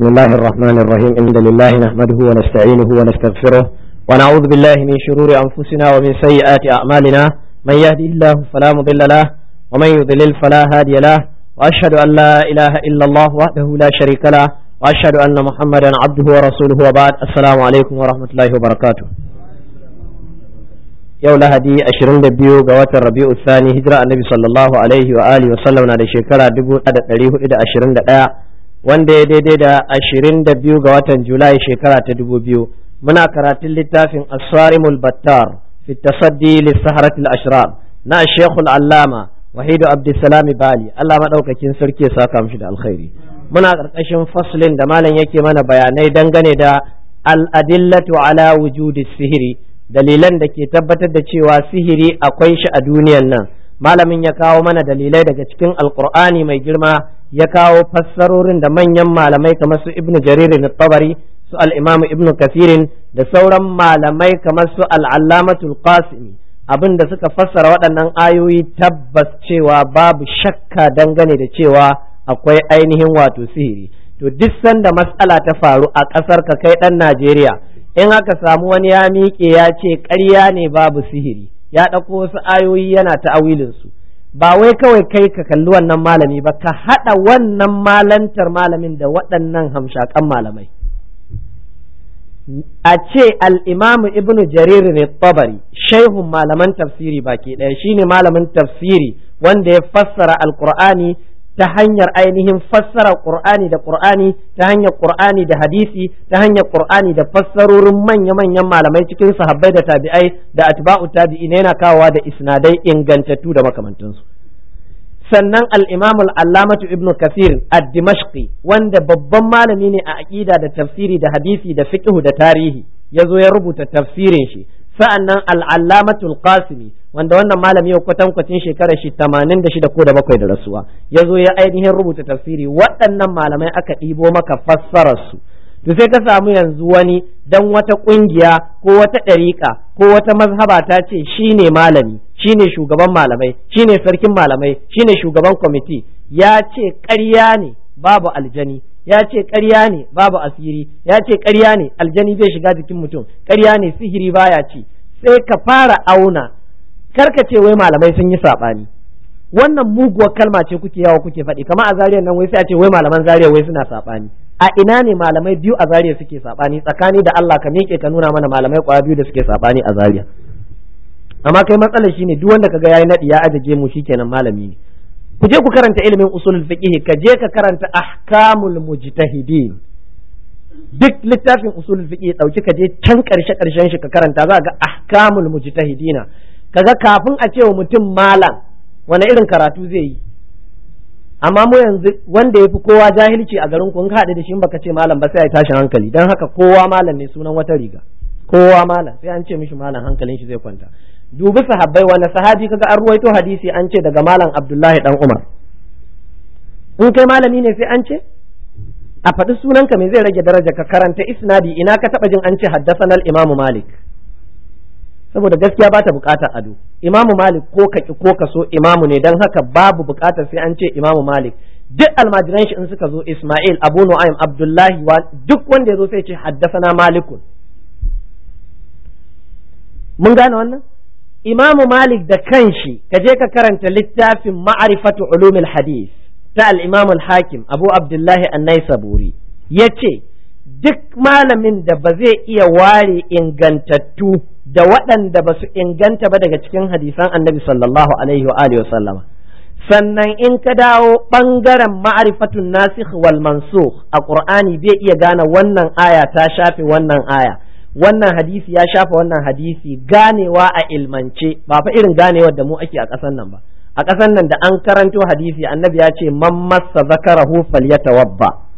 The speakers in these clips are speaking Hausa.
بسم الله الرحمن الرحيم إن لله نحمده ونستعينه ونستغفره ونعوذ بالله من شرور أنفسنا ومن سيئات أعمالنا من يهدي الله فلا مضل له ومن يضلل فلا هادي له وأشهد أن لا إله إلا الله وحده لا شريك له وأشهد أن محمدا عبده ورسوله وبعد السلام عليكم ورحمة الله وبركاته yau lahadi 22 ga watan rabi'u sani hijira annabi sallallahu alaihi wa alihi wa sallam na da shekara 1421 wanda ya daidai da ashirin da biyu ga watan julai shekara ta dubu biyu muna karatun littafin asarimul battar fi tasaddi lissaharatul ashrar na shekul allama wahidu abdulsalami bali allah maɗaukakin sarki ya saka mishi da alkhairi muna karkashin faslin da malam yake mana bayanai dangane da al'adillatu ala wujudi sihiri dalilan da ke tabbatar da cewa sihiri akwai shi a duniyan nan malamin ya kawo mana dalilai daga cikin alkur'ani mai girma ya kawo fassarorin da manyan malamai kamar su ibnu jarir ibn tabari su al-imam ibnu kasirin da sauran malamai kamar su al-allamatul qasimi abin da suka fassara waɗannan ayoyi tabbas cewa babu shakka dangane da cewa akwai ainihin wato sihiri to duk sanda matsala ta faru a ƙasar ka kai ɗan Najeriya in aka samu wani ya miƙe ya ce ƙarya ne babu sihiri ya ɗauko wasu ayoyi yana ta'awilin su ba wai kawai kai ka kalli wannan malami ba ka haɗa wannan malantar malamin da waɗannan hamshakan malamai a ce al'imamu Ibn jarir ne tabari shaihun malaman tafsiri baki ɗaya shine malamin tafsiri wanda ya fassara alkur'ani ta hanyar ainihin fassara Qur'ani da Qur'ani ta hanyar Qur'ani da hadisi ta hanyar Qur'ani da fassarorin manya-manyan malamai cikin sahabbai da tabi'ai da atba'u tabi'i ne yana kawowa da isnadai ingantattu da makamantansu sannan al-Imam al-Allamatu Ibn Kathir ad-Dimashqi wanda babban malami ne a aqida da tafsiri da hadisi da fiqh da tarihi yazo ya rubuta tafsirin shi sa'annan al al Qasimi wanda wannan malami ya kwatankwacin shekarar shi tamanin da shida ko da bakwai da rasuwa ya zo ya ainihin rubuta tafsiri waɗannan malamai aka ɗibo maka fassararsu to sai ka samu yanzu wani dan wata ƙungiya ko wata ɗariƙa ko wata mazhaba ta ce shine malami shine shugaban malamai shine sarkin malamai shine shugaban kwamiti ya ce ƙarya ne babu aljani ya ce ƙarya ne babu asiri ya ce karya ne aljani zai shiga jikin mutum karya ne sihiri baya ci sai ka fara auna karka ce wai malamai sun yi saɓani wannan muguwar kalma ce kuke yawa kuke faɗi kama a zariyar nan wai sai a ce wai malaman zariya wai suna saɓani a ina ne malamai biyu a zariya suke saɓani tsakani da Allah ka miƙe ka nuna mana malamai kwa biyu da suke saɓani a zariya amma kai matsalar shine duk wanda kaga yayi nadi ya ajaje mu shikenan malami ne ku je ku karanta ilimin usulul fiqh ka je ka karanta ahkamul mujtahidin duk littafin usulul fiqh dauki ka je can karshe karshen shi ka karanta za ga ahkamul mujtahidina kaga kafin a ce wa mutum malam wani irin karatu zai yi amma mu yanzu wanda ya fi kowa jahilci a garin kun haɗu da shi baka ce malam ba sai ya tashin hankali don haka kowa malam ne sunan wata riga kowa malam sai an ce mishi malam hankalin shi zai kwanta dubi sahabbai wani sahabi kaga an ruwaito hadisi an ce daga malam abdullahi dan umar in kai malami ne sai an ce a faɗi sunanka me zai rage daraja ka karanta isnadi ina ka taɓa jin an ce haddasa al imamu malik saboda gaskiya ba ta bukatar ado imamu malik ko ka ko ka so imamu ne dan haka babu bukatar sai an ce imamu malik duk almajiran shi in suka zo isma'il abu nu'aym abdullahi wa duk wanda ya zo sai ce na malikun mun gane wannan imamu malik da kanshi ka je ka karanta littafin ma'arifatu ulumil hadith ta al hakim abu abdullahi an-naisaburi ce duk malamin da ba zai iya ware ingantattu da waɗanda ba su inganta ba daga cikin hadisan annabi sallallahu alaihi wa sallama sannan in ka dawo ɓangaren ma'arifatun nasikh wal mansukh a ƙur'ani bai iya gane wannan aya ta shafe wannan aya wannan hadisi ya shafe wannan hadisi ganewa a ilmance ba fa irin ganewar da mu ake a kasan nan ba a ƙasan nan da an karanto hadisi annabi ya ce man massa zakarahu falyatawabba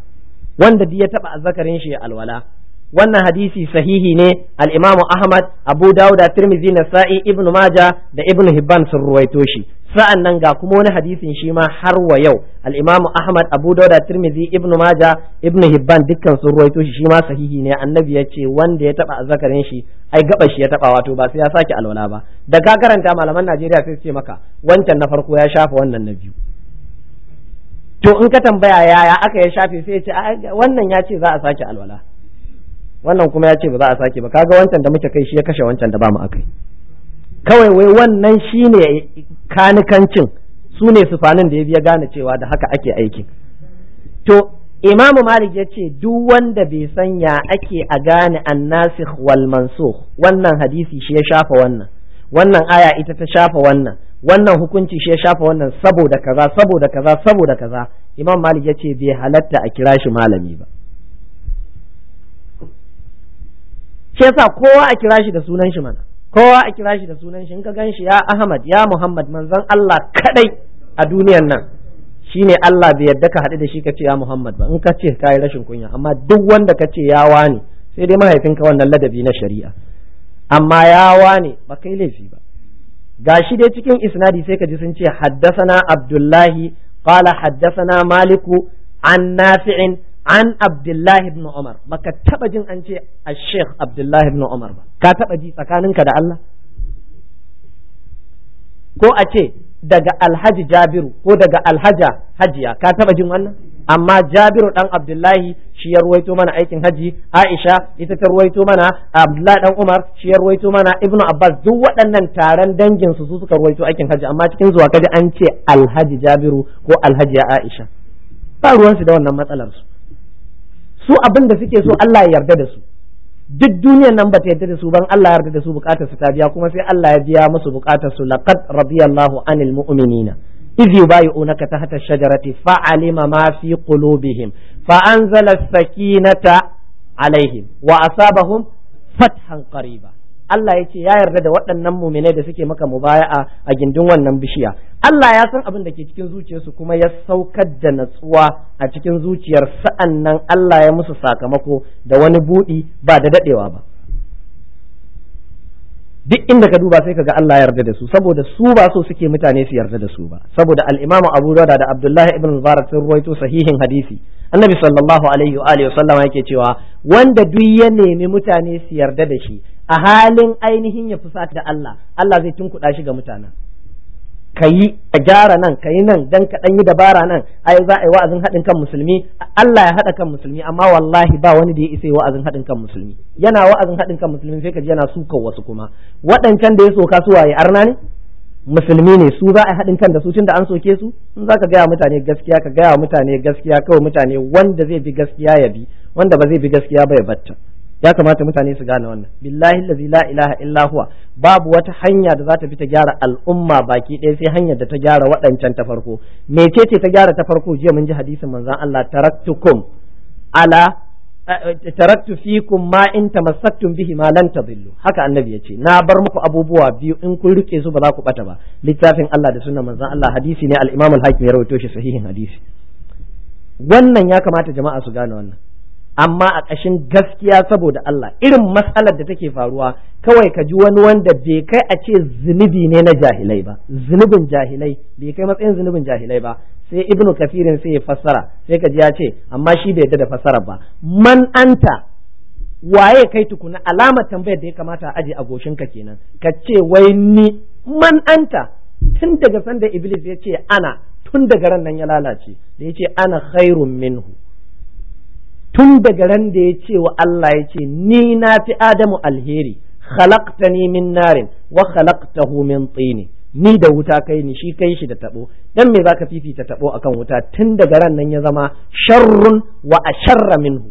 wanda duk ya taba azzakarin shi alwala wannan hadisi sahihi ne al imamu Ahmad Abu Dawud da na Nasa'i Ibn Majah da Ibnu Hibban sun ruwaito shi sa'an nan ga kuma wani hadisin shi ma har wa yau al-Imam Ahmad Abu Dawud da Tirmidhi Ibn Majah Ibn Hibban dukkan sun ruwaito shi shi ma sahihi ne annabi ya ce wanda ya taba azzakarin shi ai gaba shi ya taba wato ba sai ya sake alwala ba da ka karanta malaman Najeriya sai su ce maka wancan na farko ya shafa wannan na biyu to in ka tambaya yaya aka ya shafe sai ya ce wannan ya ce za a sake alwala wannan kuma ya ce ba za a sake ba kaga wancan da muke kai shi ya kashe wancan da ba mu kai. kawai wai wannan shine kanikancin su ne sufanin da ya biya gane cewa da haka ake aiki to imamu malik ya ce duk wanda bai sanya ake a gane annasikh wal mansukh wannan hadisi shi ya shafa wannan wannan aya ita ta shafa wannan wannan hukunci shi ya shafa wannan saboda kaza saboda kaza saboda kaza imam malik ya ce bai halatta a kira shi malami ba shi yasa kowa a kira shi da sunan shi mana kowa a kira shi da sunan shi in ka gan shi ya Ahmad ya Muhammad manzon Allah kadai a duniyar nan shine Allah bai yarda ka haɗu da shi ka ce ya Muhammad ba in ka ce kai rashin kunya amma duk wanda ka ce ya wani sai dai mahaifinka wannan ladabi na shari'a amma ya wani ba kai laifi ba gashi dai cikin isnadi sai ka ji sun ce haddasana Abdullahi qala haddasana Maliku an Nafi'in an abdullahi ibn umar baka taba jin an ce a sheikh abdullahi ibn umar ba ka taba ji tsakaninka da Allah ko a ce daga alhaji jabiru ko daga alhaja hajiya ka taba jin wannan amma jabiru dan abdullahi shi ya ruwaito mana aikin haji aisha ita ta ruwaito mana abdullahi dan umar shi ya ruwaito mana ibnu abbas duk waɗannan taron dangin su su suka ruwaito aikin haji amma cikin zuwa kaji an ce alhaji jabiru ko alhaji aisha ba ruwan su da wannan matsalar su su abin da suke so Allah ya yarda da su duk duniyar nan bata yarda da su ban Allah ya yarda da su bukatar su ta biya kuma sai Allah ya biya musu bukatar su laqad radiyallahu anil mu'minina idh yubayyi'unaka tahta ash-shajarati fa'alima ma fi qulubihim fa as-sakinata alaihim wa asabahum fathan qariba Allah ya ce ya yarda da waɗannan muminai da suke maka mubaya'a a gindin wannan bishiya Allah ya san abin da ke cikin zuciyarsu kuma ya saukar da natsuwa a cikin zuciyar sa'an nan Allah ya musu sakamako da wani buɗi ba da daɗewa ba duk inda ka duba sai kaga Allah ya yarda da su saboda su ba so suke mutane su yarda da su ba saboda al-Imam Abu Dawud da Abdullahi ibn Mubarak sun ruwaito sahihin hadisi Annabi sallallahu alaihi wa alihi wa yake cewa wanda duk ya nemi mutane su yarda da shi a halin ainihin ya fusata da Allah Allah zai tunkuɗa shi ga mutanen ka yi ka gyara nan ka yi nan dan ka yi dabara nan ai za a yi wa'azin haɗin kan musulmi Allah ya haɗa kan musulmi amma wallahi ba wani da ya isa wa'azin haɗin kan musulmi yana wa'azin haɗin kan musulmi sai ka ji yana sukan wasu kuma waɗancan da ya soka su waye arna ne musulmi ne su za a haɗin kan da su da an soke su in za ka gaya mutane gaskiya ka gaya mutane gaskiya kawai mutane wanda zai bi gaskiya ya bi wanda ba zai bi gaskiya ba ya batta ya kamata mutane su gane wannan billahi allazi la ilaha illa huwa babu wata hanya da za ta bi ta gyara al'umma baki ɗaya sai hanyar da ta gyara waɗancan ta farko ce ta gyara ta farko jiya mun ji hadisin manzon Allah taraktukum ala eh, taraktu fikum ma in tamassaktum bihi ma lan tadillu haka annabi yace na bar muku abubuwa biyu in kun rike su ba za ku bata ba littafin Allah da sunnar manzon Allah hadisi ne al-Imam al-Hakim ya rawaito shi sahihin hadisi wannan ya kamata jama'a su gane wannan amma a ƙashin gaskiya saboda Allah irin matsalar da take faruwa kawai ka ji wani wanda bai kai a ce zunubi ne na jahilai ba zunubin jahilai bai kai matsayin zunubin jahilai ba sai Ibn kafirin sai ya fassara sai ka ji ya ce amma shi bai yadda da fassara ba man anta waye kai tukuna alamar tambayar da ya kamata a aje a goshinka kenan ka ce wai ni man anta tun daga sanda iblis ya ce ana tun daga ran nan ya lalace da ya ce ana khairun minhu tun daga ran da ya ce wa Allah ya ce ni na fi Adamu alheri ni min narin wa khalaqtahu min tini ni da wuta kai ni shi kai shi da tabo dan me zaka fifita tabo akan wuta tun daga ran nan ya zama sharrun wa asharra minhu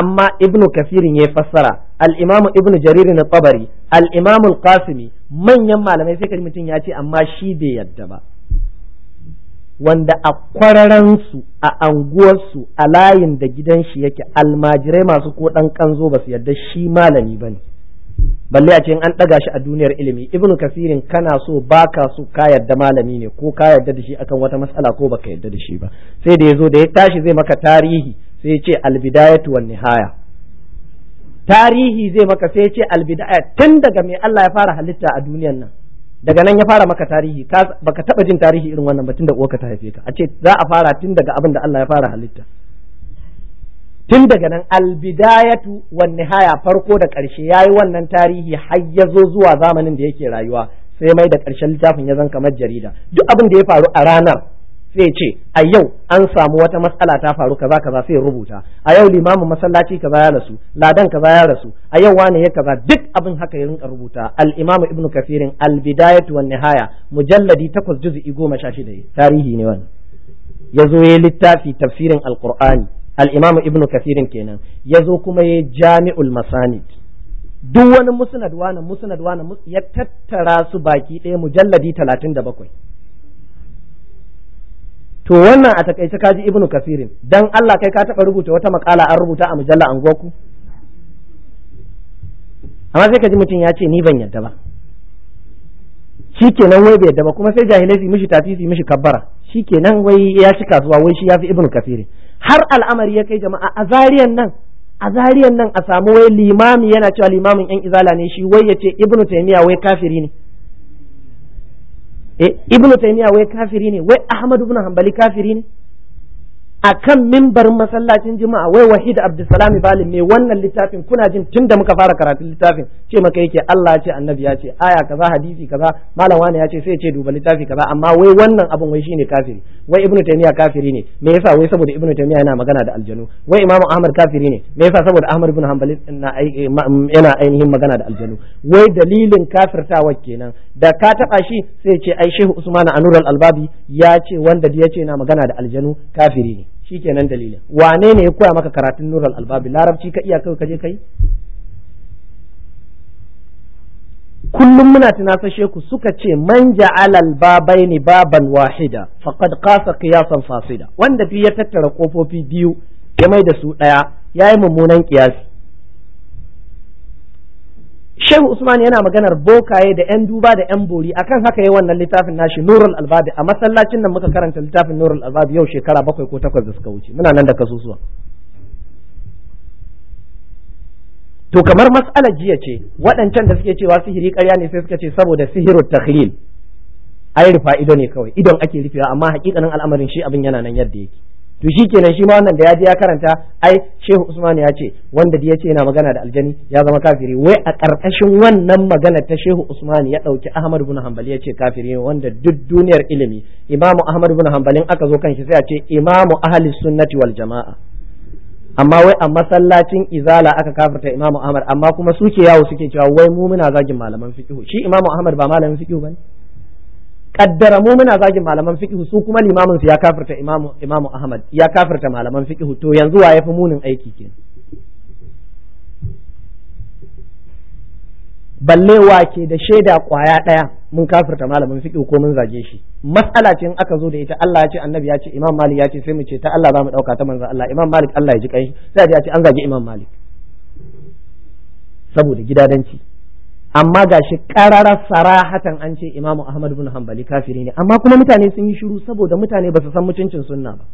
amma ibnu kafirin ya fassara al-imam ibnu jarir na tabari al-imam qasimi manyan malamai sai kaji mutum ya ce amma shi bai yadda ba wanda a kwararansu a anguwarsu a layin da gidan shi yake almajirai masu ko ɗan kanzo ba su yarda shi malami ba ne balle a ce an ɗaga shi a duniyar ilimi ibnu kasirin kana so ba ka so ka yarda malami ne ko ka yarda da shi akan wata matsala ko baka yarda da shi ba sai da ya zo da ya tashi zai maka tarihi sai ya ce albidayatu wan nihaya tarihi zai maka sai ya ce albidaya tun daga mai Allah ya fara halitta a duniyar nan daga nan ya fara maka tarihi baka taba jin tarihi irin wannan ba uwa uwarka ta haife ka a ce za a fara tun daga abin da Allah ya fara halitta tun daga nan albidayatu wan nihaya farko da karshe yayi wannan tarihi har ya zo zuwa zamanin da yake rayuwa sai mai da karshen littafin ya zan kamar jarida duk abin da ya faru a ranar sai ce a yau an samu wata matsala ta faru kaza kaza sai rubuta a yau limamin masallaci kaza ya rasu ladan kaza ya rasu a yau wani ya kaza duk abin haka ya rinka rubuta al imamu ibn kafirin al bidayatu wan nihaya mujalladi 8 juz'i 16 tarihi ne wannan yazo yayi littafi tafsirin al qur'ani al imamu ibnu kafirin kenan yazo kuma yayi jami'ul masanid duk wani musnad wani musnad wani ya tattara su baki ɗaya mujalladi 37 to wannan a takaice kaji ibnu kasirin dan Allah kai ka taba rubuta wata makala an rubuta a mujalla goku amma sai kaji mutum ya ce ni ban yadda ba shikenan wai bai yadda ba kuma sai jahilai su mishi tafifi mishi kabbara shikenan wai ya shika kasuwa wai shi yafi fi ibnu kasirin har al'amari ya kai jama'a a zariyan nan a zariyan nan a samu wai limami yana cewa limamin yan izala ne shi wai ya ce ibnu taymiya wai kafiri ne eh ibnu taymiya wai kafiri ne wai Ahmadu ibn hanbali kafiri ne a kan mimbarin masallacin juma'a wai wahid abdulsalam Bali mai wannan littafin kuna jin tun da muka fara karatu littafin ce maka yake Allah ya ce annabi ya ce aya kaza hadisi kaza malam wani ya ce sai ya ce duba littafi kaza amma wai wannan abin wai shine kafiri wai ibnu taymiya kafiri ne me yasa wai saboda ibnu taymiya yana magana da aljanu wai imamu ahmad kafiri ne me yasa saboda ahmad ibn hanbali yana ainihin magana da aljanu wai dalilin kafirtawa kenan da ka taba shi sai ce ai shehu usman anur al-albabi ya ce wanda ya ce yana magana da aljanu kafiri ne shikenan dalilin wane ne ya koya maka karatun nurul albabi larabci ka iya kai ka kai kullum muna tunasashe sheku suka ce man ja'ala ni baban wahida faqad qasa qiyasan fasida wanda bi ya tattara kofofi biyu ya mai da su daya yayi mummunan kiyasi Shehu Usman yana maganar bokaye da ‘yan duba da ‘yan bori akan haka yi wannan littafin nashi Nurul Albabi a masallacin nan muka karanta littafin Nurul Albabi yau shekara bakwai ko takwas da suka wuce muna nan da kasusuwa. To kamar mas'alar jiya ce waɗancan da suke cewa sihiri ƙarya ne sai suka ce saboda sihiru takhlil ai rufa ido ne kawai idon ake rufewa amma hakikanin al'amarin shi abin yana nan yadda yake. to shi kenan shi ma wannan da ya je ya karanta ai shehu usman ya ce wanda ya ce yana magana da aljani ya zama kafiri wai a ƙarƙashin wannan magana ta shehu usman ya ɗauki ahmad bin hanbal ya ce kafiri wanda duk duniyar ilimi imamu ahmad bin in aka zo kan shi sai a ce imamu ahli sunnati wal jama'a amma wai a masallacin izala aka kafirta imamu ahmad amma kuma suke yawo suke cewa wai mu muna zagin malaman fiqh shi imamu ahmad ba malamin fiqh bane kaddara mu muna zagin malaman fiqh su kuma limamin su ya kafirta imamu imamu ahmad ya kafirta malaman fiqh to yanzu wa ya fi munin aiki ke? balle wa ke da shaida kwaya ɗaya mun kafirta malamin fiqh ko mun zage shi matsala ce in aka zo da ita Allah ya ce annabi ya ce imam malik ya ce sai mu ce ta Allah za mu dauka ta manzo Allah imam malik Allah ya ji kai sai ya ce an zage imam malik saboda gidadanci amma ga shi ƙararar sarahatan an ce imamu ahmad bin hanbali kafiri ne amma kuma mutane sun yi shiru saboda mutane ba su san mutuncin sunna ba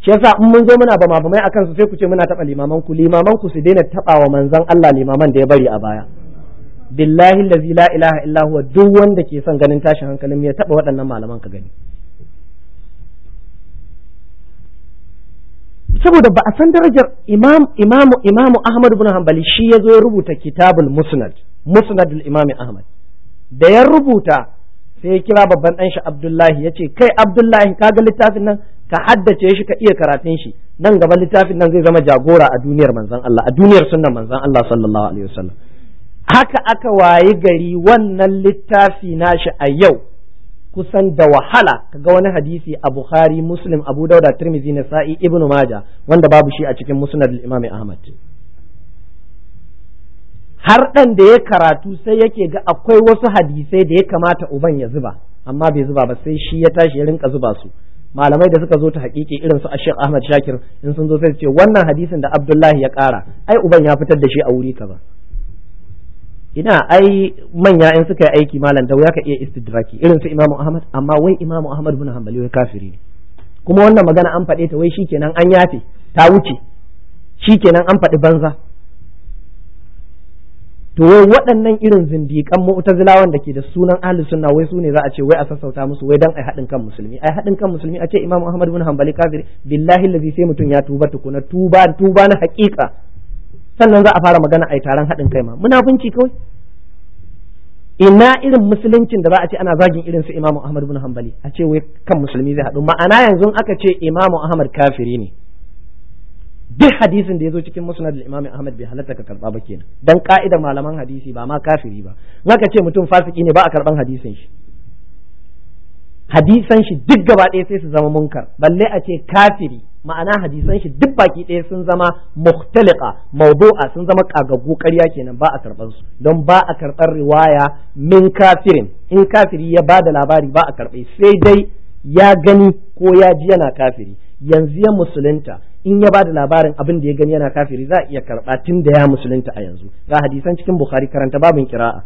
shi yasa in mun zo muna ba mai akan su sai ku ce muna taɓa limaman ku limaman ku su daina taɓa wa manzon Allah limaman da ya bari a baya billahi allazi la ilaha illa huwa duk wanda ke son ganin tashin hankalin ya taɓa waɗannan malaman ka gani saboda ba a san darajar imam imamu imamu ahmad ibn hanbali shi ya zo ya rubuta kitabul musnad musnad imam ahmad da ya rubuta sai ya kira babban dan shi abdullahi yace kai abdullahi kaga littafin nan ka haddace shi ka iya karatun shi nan gaba littafin nan zai zama jagora a duniyar manzon Allah a duniyar sunnar manzon Allah sallallahu alaihi wasallam haka aka wayi gari wannan littafi nashi a yau kusan da wahala kaga wani hadisi a Bukhari Muslim Abu Dauda Tirmidhi sa'i Ibn Maja wanda babu shi a cikin Musnad al-Imam Ahmad har dan da ya karatu sai yake ga akwai wasu hadisai da ya kamata uban ya zuba amma bai zuba ba sai shi ya tashi ya rinka zuba su malamai da suka zo ta hakiki irin su Sheikh Ahmad Shakir in sun zo sai su ce wannan hadisin da Abdullahi ya ƙara ai uban ya fitar da shi a wuri kaza ina ai manya in suka yi aiki malam da ya ka iya istidraki irin su imamu ahmad amma wai imamu ahmad bin hanbali wai kafiri ne kuma wannan magana an faɗe ta wai shikenan an yafe ta wuce shikenan an faɗi banza to wai waɗannan irin zindiƙan mu'tazilawan da ke da sunan ahlus sunna wai su ne za a ce wai a sassauta musu wai dan ai haɗin kan musulmi ai haɗin kan musulmi a ce imamu ahmad bin hanbali kafiri billahi allazi sai mutun ya tuba tukuna tuba tuba na haƙiƙa sannan za a fara magana a yi taron haɗin kai ma munafunci kawai ina irin musuluncin da za a ce ana zagin irin su imamu ahmad bin hanbali a ce wai kan musulmi zai haɗu ma'ana yanzu aka ce imamu ahmad kafiri ne duk hadisin da ya zo cikin musnad da imam ahmad bai halatta ka karba ba kenan dan ka'idar malaman hadisi ba ma kafiri ba naka ce mutum fasiki ne ba a karban hadisin shi hadisan shi duk gaba ɗaya sai su zama munkar balle a ce kafiri ma'ana hadisan shi duk baki ɗaya sun zama muhtaliqa mawdu'a sun zama kagaggu ƙarya kenan ba a karɓar su don ba a karɓar riwaya min kafirin in kafiri ya ba da labari ba a karɓe sai dai ya gani ko ya ji yana kafiri yanzu ya musulunta in ya ba da labarin abin da ya gani yana kafiri za a iya karɓa tun da ya musulunta a yanzu ga hadisan cikin bukhari karanta babin kira'a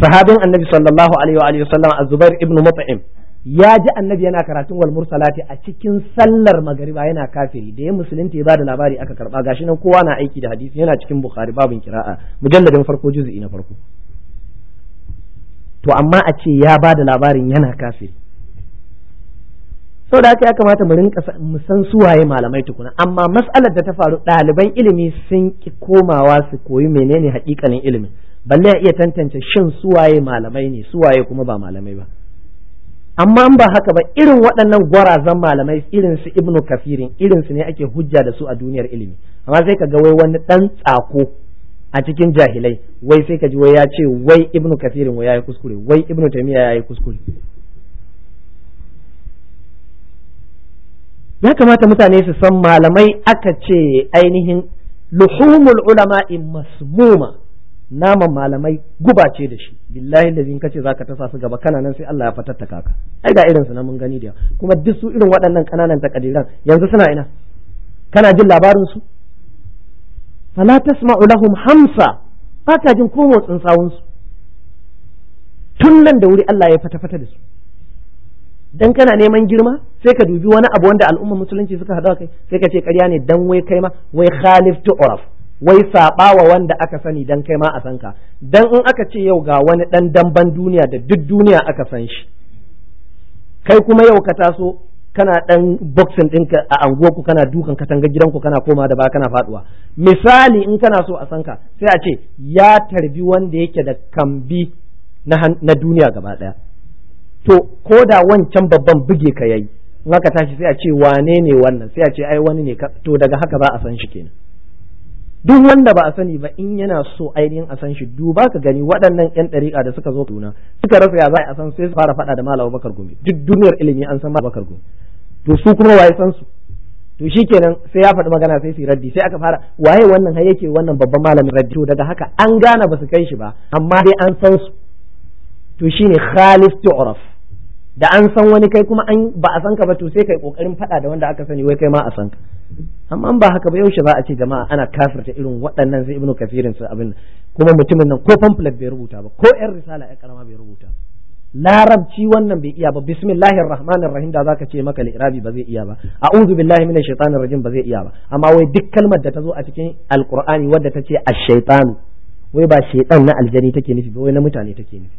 sahabin annabi sallallahu alaihi wa alihi wasallam az-zubair ibn mut'im ya ji annabi yana karatun wal mursalati a cikin sallar magariba yana kafiri da ya musulunta ya bada labari aka karba gashi nan kowa na aiki da hadisi yana cikin bukhari babin kira'a mujalladin farko juz'i na farko to amma a ce ya bada labarin yana kafiri saboda haka ya kamata mu rinka mu san suwaye malamai tukuna amma mas'alar da ta faru ɗaliban ilimi sun ki komawa su koyi menene hakikalin ilimin balle ya iya tantance shin suwaye malamai ne suwaye kuma ba malamai ba amma ba haka ba irin waɗannan gwarazan malamai irin su ibnu kafirin irin su ne ake hujja da su a duniyar ilimi amma sai ka ga wai wani ɗan tsako a cikin jahilai wai sai ka ji wai ya ce wai ibnu kafirin wai yayi kuskure wai ibnu taymiya yayi kuskure ya kamata mutane su san malamai aka ce ainihin luhumul ulama'i masmuma naman malamai guba ce da shi billahi da zin kace zaka tasa su gaba kana nan sai Allah ya fatattaka ka ai ga irin su na mun gani da kuma duk su irin waɗannan kananan takadiran yanzu suna ina kana jin labarin su fala tasma'u lahum hamsa ba jin ko motsin sawun su tun nan da wuri Allah ya fata-fata da su dan kana neman girma sai ka dubi wani abu wanda al'umma musulunci suka hada kai sai ka ce ƙarya ne dan wai kai ma wai khalif tu'raf wai saba wa wanda aka sani dan kai ma a san ka dan in aka ce yau ga wani dan damban duniya da duk duniya aka san shi kai kuma yau ka taso kana dan boxing ɗinka a anguwarku kana dukan katanga gidanku kana koma da ba kana faduwa misali in kana so a san ka sai a ce ya tarbi wanda yake da kambi na duniya gaba daya to ko da wancan babban buge ka yayi in aka tashi sai a ce wane ne wannan sai a ce ai wani ne to daga haka ba a san shi kenan duk wanda ba a sani ba in yana so ainihin a san shi duba ka gani waɗannan yan ɗariƙa da suka zo tuna suka rasa ya za a san sai su fara faɗa da malam Bakar Gumi duk duniyar ilimi an san malam Bakar Gumi to su kuma waye san su to shikenan sai ya faɗi magana sai su raddi sai aka fara waye wannan har yake wannan babban malamin raddi to daga haka an gane ba su kai shi ba amma dai an san su to shine khalis tu'raf da an san wani kai kuma an ba a san ka ba to sai kai kokarin fada da wanda aka sani wai kai ma a san ka amma ba haka ba yaushe za a ce jama'a ana kafirta irin waɗannan sai ibnu kafirin su abin kuma mutumin nan ko pamphlet bai rubuta ba ko yar risala ya karama bai rubuta larabci wannan bai iya ba bismillahir rahmanir rahim da zaka ce maka lirabi ba zai iya ba a'udhu billahi minash shaitanir rajim ba zai iya ba amma wai duk kalmar da ta zo a cikin alqur'ani wadda ta ce ash shaytan wai ba shaytan na aljani take nufi ba wai na mutane take nufi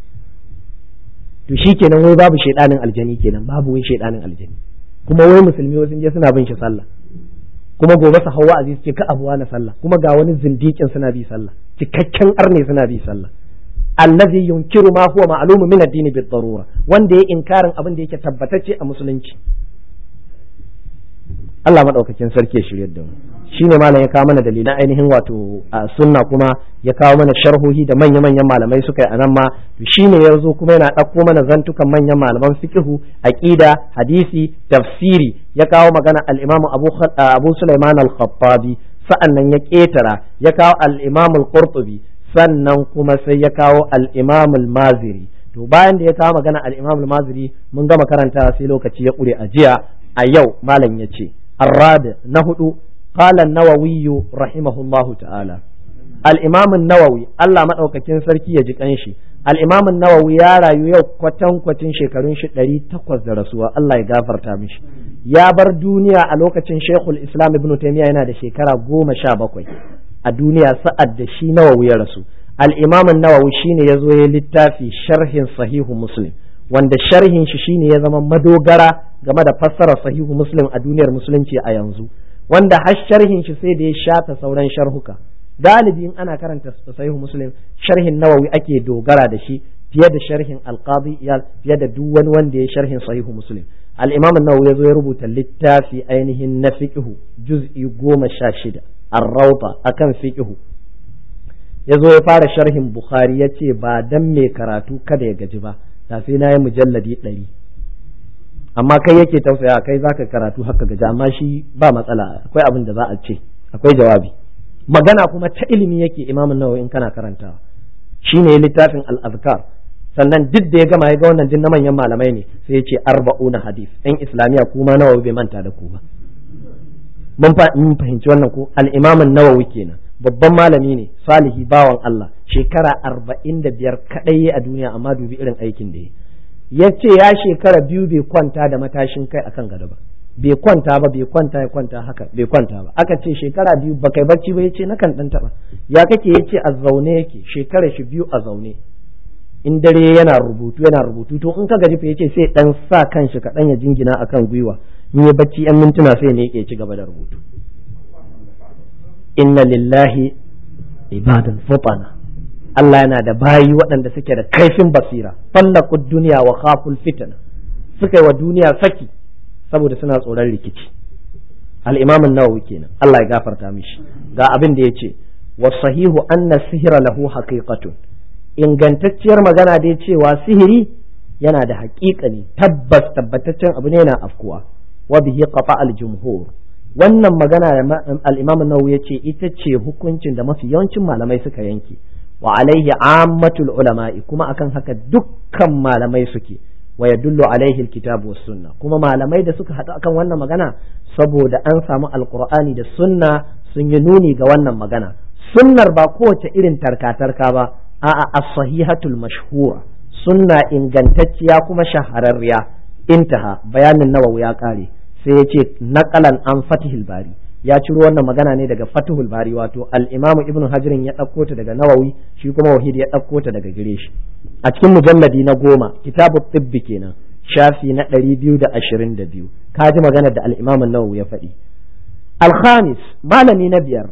to shi kenan wai babu shaidanin aljani kenan babu wai shaidanin aljani kuma wai musulmi wasu je suna bin shi sallah kuma gobe su hawa aziz ce ka abuwa na sallah kuma ga wani zindikin suna bi sallah cikakken arne suna bi sallah allazi yunkiru ma huwa ma'lumun min ad-din bi darura wanda ya inkarin abin da yake tabbatacce a musulunci Allah madaukakin sarki ya shirye da mu shine malam ya kawo mana dalilan ainihin wato sunna kuma ya kawo mana sharhohi da manya-manyan malamai suka yi anan ma shine ya zo kuma yana ɗauko mana zantukan manyan malaman fiqhu aqida hadisi tafsiri ya kawo magana al-imamu abu abu sulaiman al-khattabi sa'annan ya ketara ya kawo al-imamu al-qurtubi sannan kuma sai ya kawo al-imamu al-maziri to bayan da ya kawo magana al-imamu al-maziri mun gama karanta sai lokaci ya ƙure a jiya a yau malam ya ce الرابع نهدو qala an-nawawi rahimahullahu ta'ala al-imam an-nawawi Allah madaukakin sarki ya ji kanshi al-imam an-nawawi ya rayu yau kwatan kwatin shekarun shi ɗari takwas da rasuwa Allah ya gafarta mishi ya bar duniya a lokacin shekul islam ibn taymiya yana da shekara goma sha bakwai a duniya sa'ad da shi nawawi ya rasu al-imam an-nawawi shine ya zo ya littafi sharhin sahihu muslim wanda sharhin shi shine ya zama madogara game da fassarar sahihu muslim a duniyar musulunci a yanzu wanda har sharhin shi sai da ya shata sauran sharhuka galibi in ana karanta sahihu muslim sharhin nawawi ake dogara da shi fiye da sharhin alqadi iyal fiye da duk wani wanda ya sharhin sahihu muslim al-imam an-nawawi yazo ya rubuta littafi ainihin na fiqh juz'i 16 ar-rawda akan fiqh yazo ya fara sharhin bukhari yace ba dan mai karatu kada ya gaji ba ta sai na yi mujalladi 100 amma kai yake tausaya kai zaka karatu haka gaji amma shi ba matsala akwai abin da za a ce akwai jawabi magana kuma ta ilimi yake imamun nawawi in kana karantawa shine littafin al sannan duk da ya gama ya ga wannan din na manyan malamai ne sai ya ce arba'una hadith ɗan islamiya kuma nawawi bai manta da ku ba mun fahimci wannan ko al nawa nawawi kenan babban malami ne salihi bawan Allah shekara arba'in da biyar kaɗai a duniya amma dubi irin aikin da ya ya ce ya shekara biyu bai kwanta da matashin kai akan gado ba bai kwanta ba bai kwanta ya kwanta haka bai kwanta ba aka ce shekara biyu ba kai bacci ba ya ce nakan dan taba ya kake ya ce a zaune yake shekara shi biyu a zaune in dare yana rubutu yana rubutu to in ka gaji fa yace sai dan sa kanshi kaɗan ya jingina akan gwiwa in ya bacci yan mintuna sai ne yake ci gaba da rubutu inna lillahi ibadan fatana Allah yana da bayi waɗanda suke da kaifin basira fallakud duniya wa khaful fitna suka yi wa duniya saki saboda suna tsoron rikici al-imam an-nawawi kenan Allah ya gafarta mishi ga abin da yace wa sahihu anna sihra lahu haqiqatun ingantacciyar magana da cewa sihiri yana da ne, tabbas tabbataccen abu ne yana afkuwa wa bihi qata al-jumhur wannan magana al-imam an-nawawi yace ita ce hukuncin da mafi yawancin malamai suka yanke wa alaihi ammatul ulama'i kuma akan haka dukkan malamai suke wa yadullu alaihi alkitabu was sunna kuma malamai da suka haɗu akan wannan magana saboda an samu alqur'ani da sunna sun yi nuni ga wannan magana sunnar ba kowace irin tarka-tarka ba a'a as-sahihatul mashhura sunna ingantacciya kuma shahararriya intaha bayanin nawawi ya kare sai ya ce naqalan an fatihil bari ya ciro wannan magana ne daga Fathul Bari wato al-Imam Ibn Hajarin ya ɗauko ta daga Nawawi shi kuma Wahid ya ɗauko ta daga gare a cikin mujalladi na goma kitabu tibbi kenan shafi na ɗari biyu da ashirin da biyu ka ji maganar da al-Imam Nawawi ya faɗi al-Khamis malami na biyar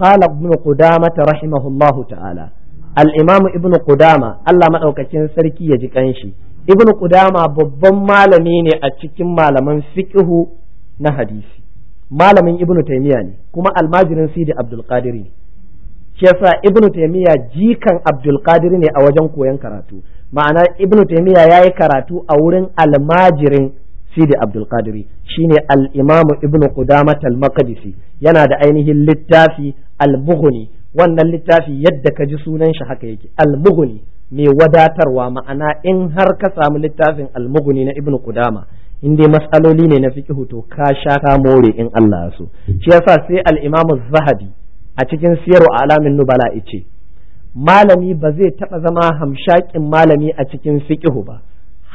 qala Ibn Qudamah rahimahullahu ta'ala al-Imam Ibn Qudamah Allah madaukakin sarki ya ji kanshi Ibn Qudama babban malami ne a cikin malaman fiqhu na hadisi malamin ibnu taymiya ne kuma almajirin sidi abdul qadir ne shi yasa ibnu taymiya jikan abdul qadir ne a wajen koyon karatu ma'ana ibnu ya yayi karatu a wurin almajirin sidi abdul qadir shine al-imamu ibnu kudama al-maqdisi yana da ainihin littafi al-bughni wannan littafi yadda ka ji sunan shi haka yake al-mughni mai wadatarwa ma'ana in har ka samu littafin al na ibnu kudama. in dai matsaloli ne na fiqh to ka sha ka more in Allah ya so shi yasa sai al-Imam zahabi a cikin siyaru alamin nubala ce malami ba zai taɓa zama hamshakin malami a cikin fiqh ba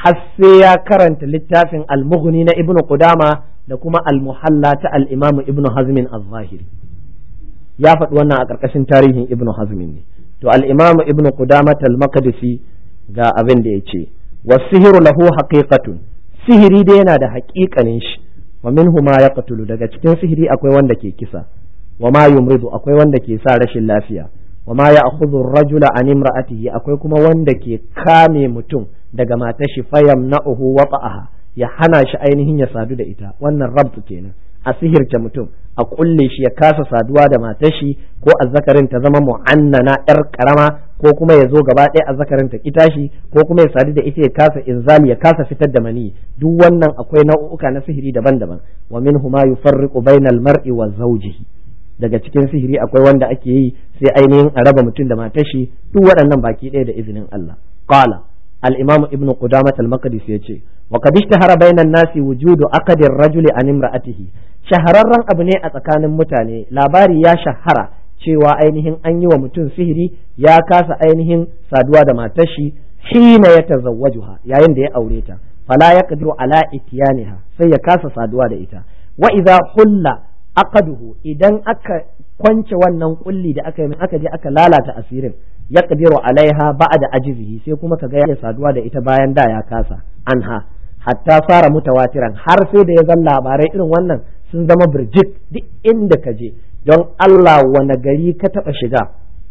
har sai ya karanta littafin al-Mughni na Ibn Qudama da kuma al-Muhalla ta al-Imam Ibn Hazm al-Zahiri ya faɗi wannan a ƙarƙashin tarihin Ibn Hazm ne to al-Imam Ibn Qudama al-Maqdisi ga abin da yace wasihiru lahu haqiqatun sihiri dai yana da haƙiƙanin shi wa minhu ma yaqtulu daga cikin sihiri akwai wanda ke kisa wa ma yumridu akwai wanda ke sa rashin lafiya wa ma ya'khudhu ar-rajula an imra'atihi akwai kuma wanda ke kame mutum daga matar shi fayamna'uhu wa ya hana shi ainihin ya sadu da ita wannan rabtu kenan a sihirta mutum a kulle shi ya kasa saduwa da matar shi ko zakarin ta zama mu'annana yar karama ko kuma ya zo gaba ɗaya zakarin ta kita shi ko kuma ya sadu da ita ya kasa inzali ya kasa fitar da mani duk wannan akwai nau'uka na sihiri daban-daban wa min huma yufarriqu bainal mar'i wa zawjihi daga cikin sihiri akwai wanda ake yi sai ainihin a raba mutum da matar shi duk waɗannan baki ɗaya da izinin Allah qala al-imam ibnu qudamah al-maqdisi yace wa qad ishtahara bainan nasi wujudu aqdi ar-rajuli an imra'atihi shahararren abu ne a tsakanin mutane labari ya shahara cewa ainihin an yi wa mutum sihiri ya kasa ainihin saduwa da matashi shi hina ya tazawwajuha yayin da ya aure ta fala ya kadiru ala itiyaniha sai ya kasa saduwa da ita wa idza hulla aqaduhu idan aka kwance wannan kulli da aka yi aka je aka lalata asirin ya kadiru alaiha ba'da ajizihi sai kuma kaga ya saduwa da ita bayan da ya kasa anha hatta fara mutawatiran har sai da ya zan labarai irin wannan sun zama birjik duk inda ka je don Allah wane gari ka taɓa shiga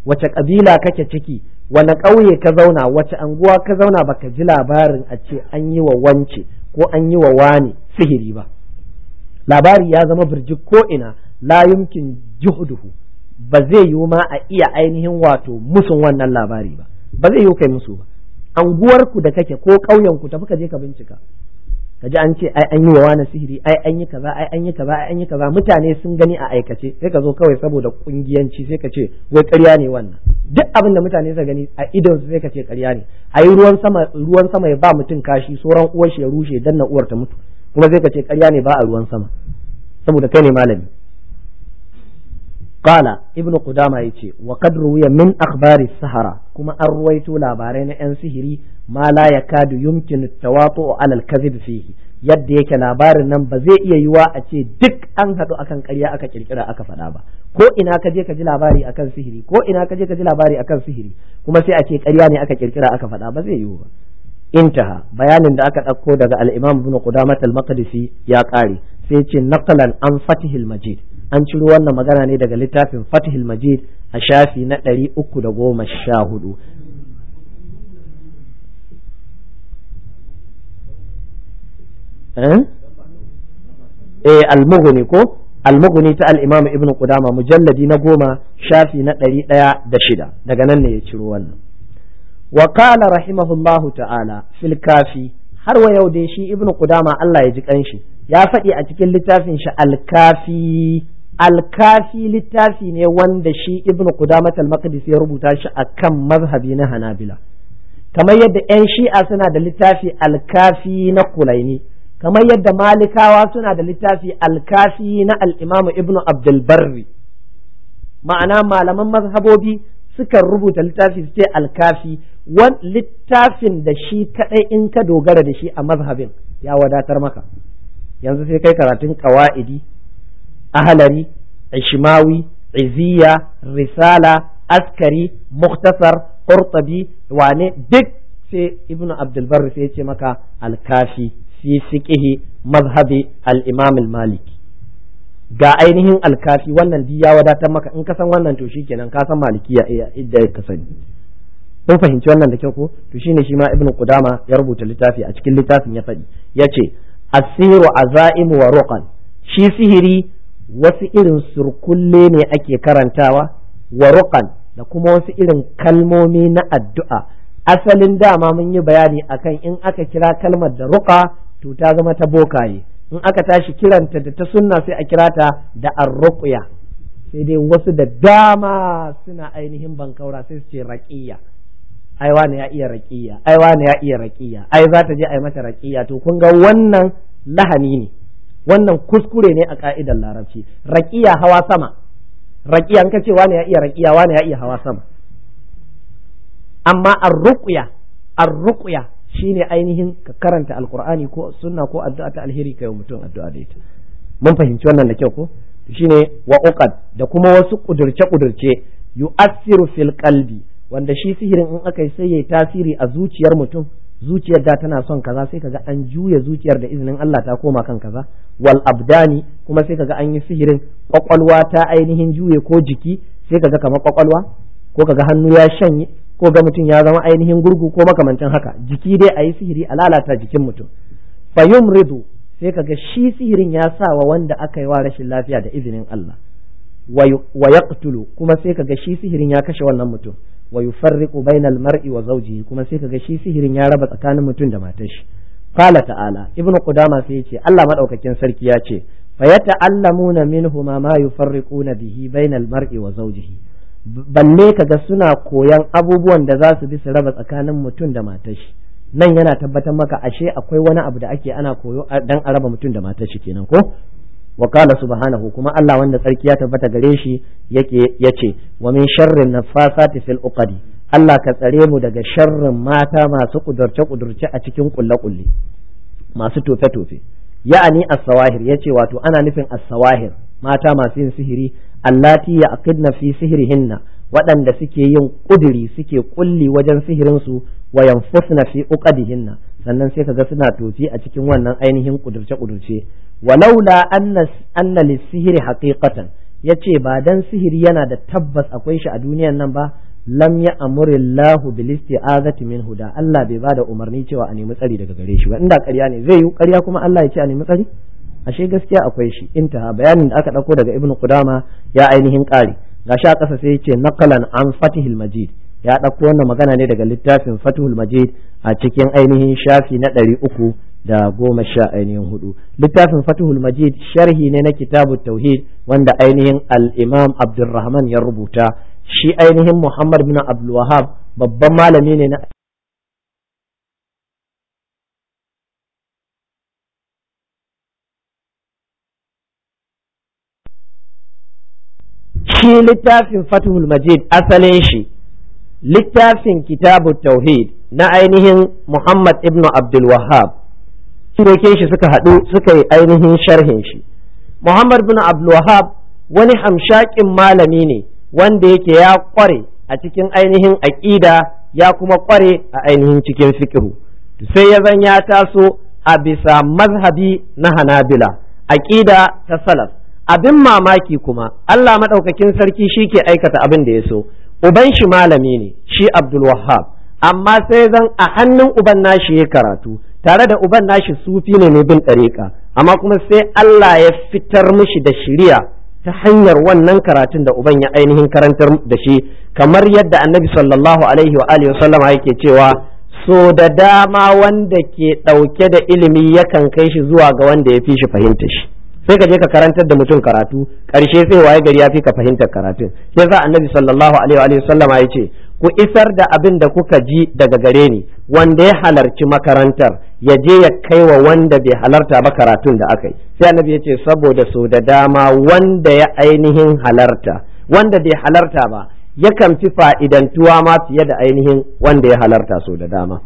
wace ƙabila kake ciki wane ƙauye ka zauna wace anguwa ka zauna ba ka ji labarin a ce an yi wa wance ko an yi wa wani sihiri ba labari ya zama birjik ko ina la yumkin juhuduhu ba zai yiwu ma a iya ainihin wato musun wannan labari ba ba zai yiwu kai musu ba anguwarku da kake ko ƙauyenku tafi ka je ka bincika Ka ji an ce ai an yi wa wani sihiri ai an yi kaza ai an yi kaza ai an yi kaza mutane sun gani a aikace sai ka zo kawai saboda kungiyanci sai ka ce wai ƙarya ne wannan duk abin da mutane suka gani a idon su sai ka ce ƙarya ne a yi ruwan sama ruwan sama ya ba mutum kashi sauran uwar shi ya rushe dan na uwar ta mutu kuma sai ka ce ƙarya ne ba a ruwan sama saboda kai ne malami bala ibnu qudama yace wa qad min akbari sahara kuma an ruwaito labarai na yan sihiri mala la yakadu yumkinu tawatu ala al yadda yake labarin nan ba zai iya yiwa a ce duk an haɗu akan ƙarya aka kirkira aka faɗa ba ko ina ka je ka ji labari akan sihiri ko ina ka je ka ji labari akan sihiri kuma sai a ce ƙarya ne aka kirkira aka faɗa ba zai yiwu ba intaha bayanin da aka ɗauko daga al-Imam Ibn Qudamah al-Maqdisi ya ƙare sai ce naqalan an Fatihil Majid an ciro wannan magana ne daga littafin fathil majid a shafi na ɗari uku da goma sha hudu eh? eh almughni ko almughni ta al-imam ibn qudama mujalladi na goma shafi na ɗari ɗaya da shida daga nan ne ya ciro wannan wa qala rahimahullahu ta'ala fil kafi har wa yau dai shi ibn qudama Allah ya ji kanshi ya faɗi a cikin littafin shi al-kafi alkafi littafi ne wanda shi ibnu qudamat al-maqdis ya rubuta shi akan mazhabi na hanabila kamar yadda yan shi'a suna da littafi alkafi na kulaini kamar yadda malikawa suna da littafi alkafi na al-imam ibnu abdul barri ma'ana malaman mazhabobi sukan rubuta littafi su ce alkafi wan littafin da shi kadai in ka dogara da shi a mazhabin ya wadatar maka yanzu sai kai karatun ƙawa'idi ahalari ishimawi iziya risala askari muktasar qurtubi wane duk sai ibnu abdul barr sai ya ce maka alkafi fi fiqhi mazhabi al-imam al-maliki ga ainihin alkafi wannan di ya wadatar maka in ka san wannan to shikenan ka san malikiya eh, idda ka sani kun fahimci wannan da kyau ko to shine shi ma ibnu qudama ya rubuta littafi a cikin littafin ya faɗi yace asiru azaimu wa ruqan shi sihiri wasu irin surkulle ne ake karantawa wa ruqan da kuma wasu irin kalmomi na addu'a asalin dama mun yi bayani akan in aka kira kalmar da ruqa to ta zama ta bokaye in aka tashi kiranta da ta sunna sai a kira ta da arruqya sai dai wasu da dama suna ainihin bankaura sai su ce raqiya ai wani ya iya raqiya ai wani ya iya raqiya ai za ta je ai mata raqiya to kun ga wannan lahani ne wannan kuskure ne a ka'idar larabci raqiya hawa sama raqiya an kace wani ya iya raqiya wani ya iya hawa sama amma ar-ruqya ar-ruqya shine ainihin ka karanta alƙur'ani ko sunna ko addu'a ta alheri kai mutum addu'a da ita mun fahimci wannan da kyau ko shine wa uqad da kuma wasu kudurce kudurce yu'assiru fil qalbi wanda shi sihirin in aka yi sai yayi tasiri a zuciyar mutum zuciyar da tana son kaza sai kaga an juya zuciyar da izinin Allah ta koma kan kaza wal abdani kuma sai kaga an yi sihirin kwakwalwa ta ainihin juye ko jiki sai kaga kamar kwakwalwa ko kaga hannu ya shanye ko ga mutum ya zama ainihin gurgu ko makamancin haka jiki dai a yi sihiri a lalata jikin mutum fayum ridu sai kaga shi sihirin ya sa wa wanda aka yi wa rashin lafiya da izinin Allah wa yaqtulu kuma sai kaga shi sihirin ya kashe wannan mutum wa yufarriqu bainal mar'i wa zawjihi kuma sai kaga shi sihirin ya raba tsakanin mutum da matar shi qala ta'ala ibnu qudama sai yace Allah madaukakin sarki ya ce yata'allamuna minhuma ma yufarriquna bihi bainal mar'i wa zawjihi balle kaga suna koyan abubuwan da za su bi su raba tsakanin mutum da matar shi nan yana tabbatar maka ashe akwai wani abu da ake ana koyo dan a raba mutum da matar shi kenan ko wa qala subhanahu kuma Allah wanda tsarki ya tabbata gare shi yake yace wa min sharrin nafasati fil uqadi Allah ka tsare mu daga sharrin mata masu kudurce kudurce a cikin kulle kulle masu tofe tofe ya'ani as-sawahir yace wato ana nufin as-sawahir mata masu yin sihiri allati yaqidna fi sihrihinna waɗanda suke yin ƙudiri suke kulli wajen sihirinsu wa yanfusna fi uqadihinna sannan sai kaga suna toci a cikin wannan ainihin kudurce kudurce walaula anna anna lisihri haqiqatan yace ba dan sihiri yana da tabbas akwai shi a duniyan nan ba lam ya amurillahu bil isti'azati min huda Allah bai bada umarni cewa a nemi tsari daga gare shi ba inda ƙarya ne zai yi ƙarya kuma Allah ya ce a nemi tsari ashe gaskiya akwai shi intaha bayanin da aka dauko daga ibnu qudama ya ainihin kare gashi a kasa sai yace naqalan an fatihul majid ya dauko wannan magana ne daga littafin fatihul majid a cikin ainihin shafi na ɗari uku da goma sha ainihin hudu littafin fatihul majid sharhi ne na kitabu tauhid wanda ainihin al-imam abdurrahman ya rubuta shi ainihin muhammad bin abdul babban malami ne na shi littafin fatuhul Majid asalin shi littafin Kitabu Tauhid na ainihin Muhammad ibn Abdul Wahhab shi suka haɗu suka yi ainihin sharhin shi Muhammad ibn Abdul wahab wani hamshakin malami ne wanda yake ya kware a cikin ainihin aƙida ya kuma kware a ainihin cikin fikihu sai ya zan ya taso a bisa mazhabi na Hanabila aƙida ta salaf abin mamaki kuma Allah maɗaukakin sarki shi ke aikata abin da ya so uban shi malami ne shi Abdul Wahhab amma sai zan a hannun uban nashi ya karatu tare da uban nashi sufi ne mai bin ɗariƙa amma kuma sai Allah ya fitar mishi da shiriya ta hanyar wannan karatun da uban ya ainihin karantar da shi kamar yadda annabi sallallahu alaihi wa alihi wasallam yake cewa so da dama wanda ke ɗauke da ilimi yakan kai shi zuwa ga wanda ya fi shi fahimta shi sai ka je ka karantar da mutum karatu karshe sai waye gari ya fi ka fahimtar karatun sai yasa annabi sallallahu alaihi wa sallama ya ce ku isar da abin da kuka ji daga gare ni wanda ya halarci makarantar ya je ya kai wa wanda bai halarta ba karatun da aka yi sai annabi ya ce saboda so da dama wanda ya ainihin halarta wanda bai halarta ba yakan fi fa'idantuwa ma fiye da ainihin wanda ya halarta so da dama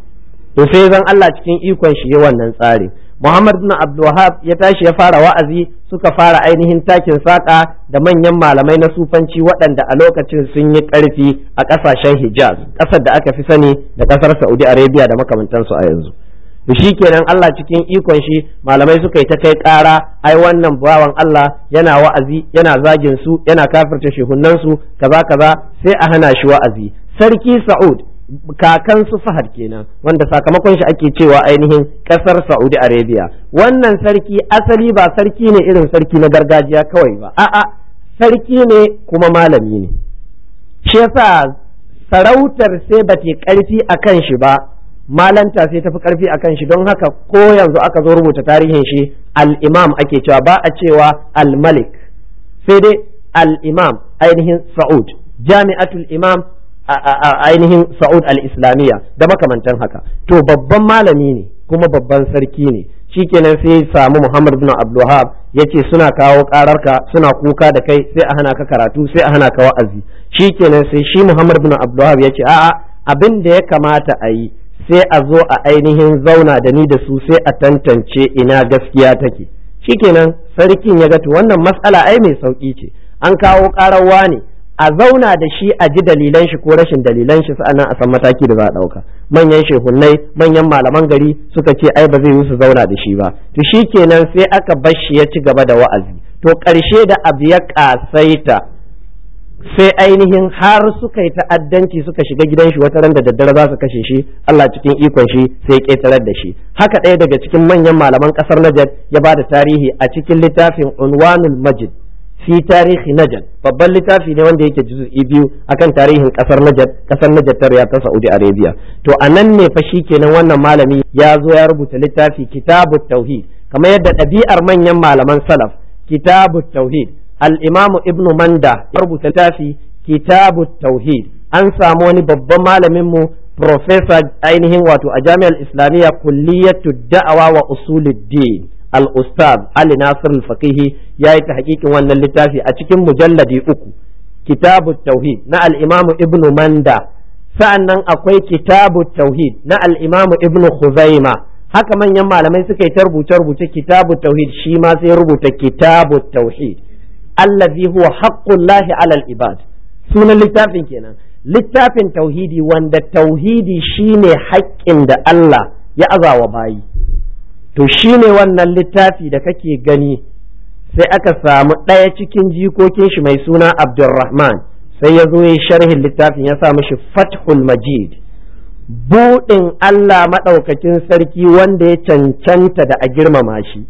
to sai zan Allah cikin ikon shi wannan tsari Muhammad bin Abdulwahab ya tashi ya fara wa'azi suka fara ainihin takin saƙa da manyan malamai na sufanci waɗanda a lokacin sun yi ƙarfi a ƙasashen Hijaz, ƙasar da aka fi sani da ƙasar Saudi Arabia da makamantansu a yanzu. To shi kenan Allah cikin ikon shi malamai suka yi ta kai ƙara ai wannan bawan Allah yana wa'azi yana zagin su yana kafirta shehunnansu kaza kaza sai a hana shi wa'azi. Sarki Sa'ud kakan su fahad kenan wanda sakamakon shi ake cewa ainihin kasar Saudi Arabia wannan sarki asali ba sarki ne irin sarki na gargajiya kawai ba a'a sarki ne kuma malami ne shi yasa sarautar sai ba ta karfi kan shi ba malanta sai tafi karfi akan shi don haka ko yanzu aka zo rubuta tarihin shi al-imam ake cewa ba a cewa al-malik sai dai al-imam ainihin Saud jami'atul imam ainihin Sa'ud al-Islamiyya da makamantan haka to babban malami ne kuma babban sarki ne shikenan sai ya samu Muhammad bin Abdulwahab ya ce suna kawo kararka suna kuka da kai sai a hana ka karatu sai a hana ka wa'azi shikenan sai shi Muhammad bin Abdulwahab ya ce a'a abin da ya kamata a yi sai a zo a ainihin zauna da ni da su sai a tantance ina gaskiya take shikenan sarkin ya ga to wannan mas'ala ai mai sauki ce an kawo kararwa ne a zauna da shi a ji dalilan shi ko rashin dalilan shi sa'annan a san mataki da za a ɗauka manyan shehunnai manyan malaman gari suka ce ai ba zai yi su zauna da shi ba to shi kenan sai aka bar shi ya ci gaba da wa'azi to ƙarshe da abu ya ƙasaita sai ainihin har suka yi ta'addanci suka shiga gidan shi wata ran da daddare za su kashe shi Allah cikin ikon shi sai ƙetarar da shi haka ɗaya daga cikin manyan malaman ƙasar Najd ya ba da tarihi a cikin littafin Unwanul Majid fi tarihi najad babban littafi ne wanda yake juzu'i biyu akan tarihin kasar najad kasar najad ta ta saudi arabia to a nan ne fa kenan wannan malami ya zo ya rubuta littafi kitabu tauhid kamar yadda ɗabi'ar manyan malaman salaf kitabu tauhid al-imamu ibnu manda ya rubuta littafi kitabu tauhid an samu wani babban malamin mu professor ainihin wato a jami'ar islamiyya kulliyatu da'awa wa usuluddin al-ustaz Ali Nasir al-Faqihi yayi ta hakikin wannan littafi a cikin mujalladi uku kitabu tauhid na al-Imam Manda sa'annan akwai kitabu tauhid na al-Imam ibnu Khuzaima haka manyan malamai suka yi ta rubuce kitabu tauhid shi ma sai rubuta kitabu tauhid allazi huwa haqqullahi alal ibad sunan littafin kenan littafin tauhidi wanda tauhidi shine haƙƙin da Allah ya azawa bayi to shi ne wannan littafi da kake gani sai aka samu ɗaya cikin jikokin shi mai suna Abdulrahman sai ya zo ya sharhin littafin ya sa mishi Fathul Majid buɗin Allah maɗaukakin sarki wanda ya cancanta da a girmama shi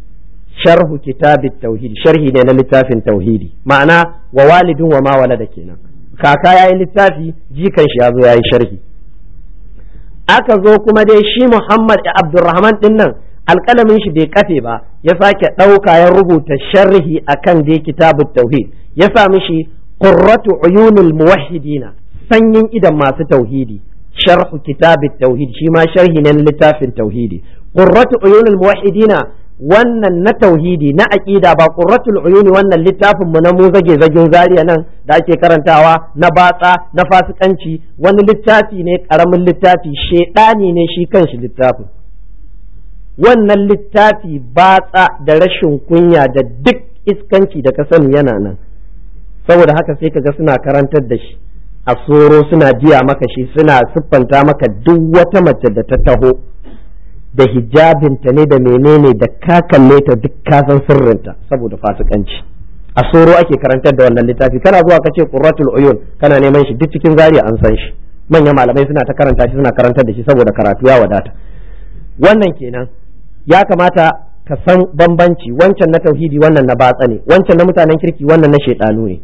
sharhu kitabit tauhidi sharhi ne na littafin tauhidi ma'ana wa walidin wa mawala da kenan kaka ya yi littafi jikan shi ya zo ya yi sharhi aka zo kuma dai shi Muhammad Abdulrahman din nan alƙalamin shi bai kafe ba ya sake ɗauka ya rubuta sharhi akan dai kitabut tauhid ya sa mishi qurratu uyunul muwahhidina sanyin idan masu tauhidi sharhu kitabut tauhid shi ma sharhi ne littafin tauhidi qurratu uyunul muwahhidina wannan na tauhidi na aƙida ba qurratul uyuni wannan littafin mu na mu zage zagen zariya nan da ake karantawa na batsa na fasikanci wani littafi ne karamin littafi shedani ne shi kanshi littafin wannan littafi batsa da rashin kunya da duk iskanci da ka sani yana nan saboda haka sai ka ga suna karantar da shi a soro suna jiya maka shi suna siffanta maka duk wata mace da ta taho da hijabinta ne da menene da ka kalle ta duk ka san sirrinta saboda fasikanci a soro ake karantar da wannan littafi kana zuwa ka ce qurratul uyun kana neman shi duk cikin zariya an san shi manyan malamai suna ta karanta shi suna karantar da shi saboda karatu ya wadata wannan kenan ya kamata ka san bambanci wancan na tauhidi wannan na batsa ne wancan na mutanen kirki wannan na shaidanu ne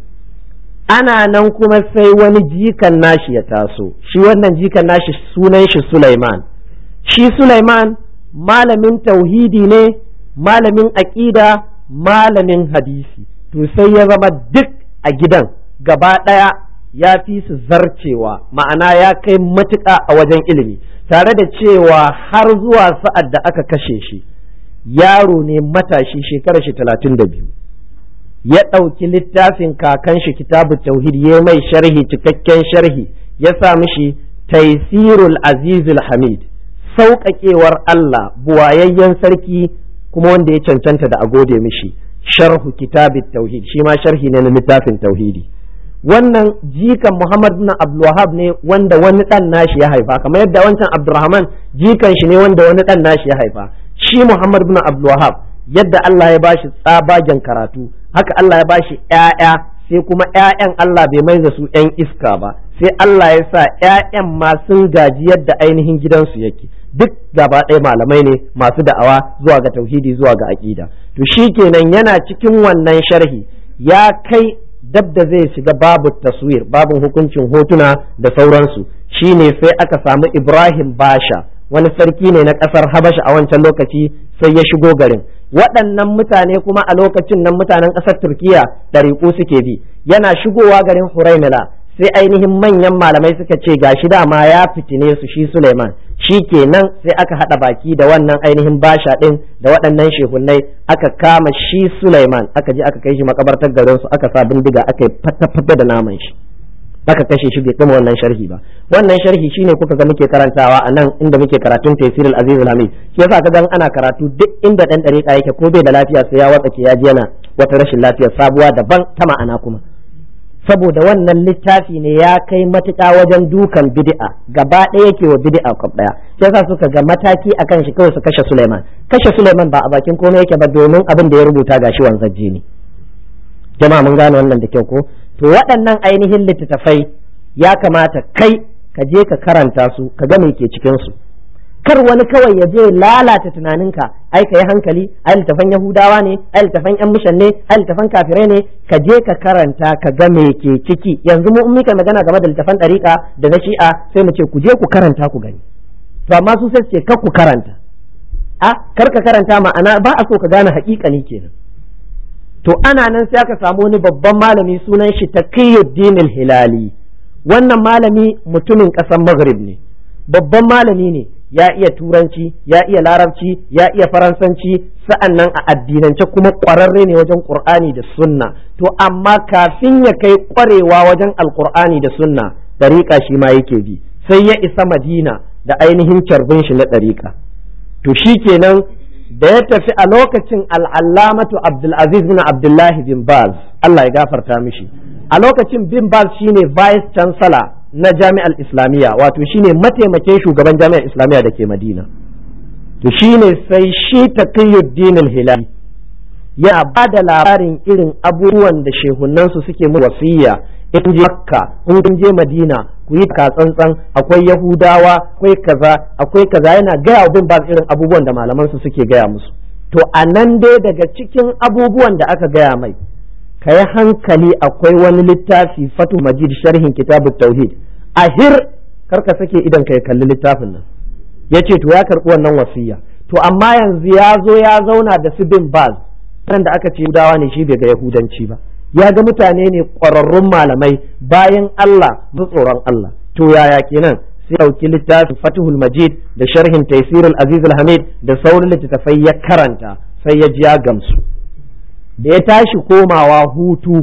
ana nan kuma sai wani jikan nashi ya taso shi wannan jikan nashi sunan shi Sulaiman shi Sulaiman malamin tauhidi ne malamin Aqida malamin hadisi to sai ya zama duk a gidan gaba ɗaya ya fi su zarcewa ma'ana ya kai matuƙa a wajen ilimi tare da cewa har zuwa sa'ad da aka kashe shi yaro ne matashi shekarar shi talatin da biyu ya ɗauki littafin kakan shi kitabu tauhid ya mai sharhi cikakken sharhi ya sa mishi taisirul azizul hamid sauƙaƙewar Allah buwayayyen sarki kuma wanda ya cancanta da a gode mishi sharhu kitabit tauhid shi ma sharhi ne na littafin tauhidi wannan jikan Muhammad bin Abdulwahab ne wanda wani dan nashi ya haifa kamar yadda wancan Abdurrahman jikan shi ne wanda wani dan nashi ya haifa shi Muhammad bin Abdulwahab yadda Allah ya bashi tsabagen karatu haka Allah ya bashi ƴaƴa sai kuma ƴaƴan Allah bai mai da su ƴan iska ba sai Allah ya sa ƴaƴan ma sun gaji yadda ainihin gidansu yake duk gaba ɗaya malamai ne masu da'awa zuwa ga tauhidi zuwa ga aƙida to shikenan yana cikin wannan sharhi ya kai dab da zai shiga babu taswir babin hukuncin hotuna da sauransu shine sai aka samu Ibrahim Basha wani sarki ne na ƙasar Habasha a wancan lokaci sai ya shigo garin waɗannan mutane kuma a lokacin nan mutanen ƙasar Turkiya ɗariƙu suke bi yana shigowa garin Huraimila. sai ainihin manyan malamai suka ce ga shi dama ya fitine su shi Suleiman shi kenan sai aka haɗa baki da wannan ainihin basha ɗin da waɗannan shehunai aka kama shi Suleiman aka je aka kai shi makabartar garin su aka sa bindiga aka yi fata da naman shi aka kashe shi bai kuma wannan sharhi ba wannan sharhi shine kuka ga muke karantawa a nan inda muke karatun tafsir al-aziz al-hamid shi yasa ka ga ana karatu duk inda dan dariƙa yake ko bai da lafiya sai ya ke ya ji yana wata rashin lafiya sabuwa daban ta ma'ana kuma saboda wannan littafi ne ya kai matuƙa wajen dukan bid'a gaba ɗaya yake wa bid'a kwab ɗaya sai sa suka ga mataki akan shi kawai su kashe sulaiman kashe sulaiman ba a bakin komai yake ba domin abin da ya rubuta gashi wanzajji ne jama'a mun gane wannan da kyau ko to waɗannan ainihin littattafai ya kamata kai ka je ka karanta su ka ga me ke cikin su kar wani kawai ya je lalata tunaninka ai ka yi hankali ai littafan yahudawa ne ai littafan yan mishan ne ai littafan kafirai ne ka je ka karanta ka ga me ke ciki yanzu mu muka magana game da littafan dariƙa da na shi'a sai mu ce ku je ku karanta ku gani to amma su sai ce kar ku karanta a kar ka karanta ma'ana ba a so ka gane haƙiƙani kenan to ana nan sai aka samu wani babban malami sunan shi Taqiyuddin al-Hilali wannan malami mutumin ƙasar Maghrib ne babban malami ne ya iya turanci ya iya larabci ya iya faransanci sa'an nan a addinance kuma ƙwararre ne wajen ƙur'ani da sunna to amma kafin ya kai ƙwarewa wajen alƙur'ani da sunna ɗariƙa shi ma yake bi sai ya isa madina da ainihin carbin shi na ɗariƙa to shi kenan da ya tafi a lokacin al'allamatu abdulaziz bin abdullahi bin baz Allah ya gafarta mishi a lokacin bin baz shine vice chancellor na jami'ar islamiyya wato shine mataimakin shugaban jami'ar islamiyya da ke madina to shine sai shi taqiyuddin hilali ya ba da labarin irin abubuwan da shehunansu suke mu wasiya in je makka in je madina ku yi tsantsan akwai yahudawa akwai kaza akwai kaza yana gaya bin ba irin abubuwan da malamansu suke gaya musu to a nan dai daga cikin abubuwan da aka gaya mai ka yi hankali akwai wani littafi fatu majid sharhin kitabu tauhid a hir karka sake idan ka kalli littafin nan ya ce to ya karɓi wannan wasiya to amma yanzu ya zo ya zauna da su bin baz ran da aka ce yahudawa ne shi bai ga yahudanci ba ya ga mutane ne ƙwararrun malamai bayan Allah da tsoron Allah to yaya kenan sai ɗauki littafin fatuhul majid da sharhin taisirul azizul hamid da sauran littattafai ya karanta sai ya ji ya gamsu da ya tashi komawa hutu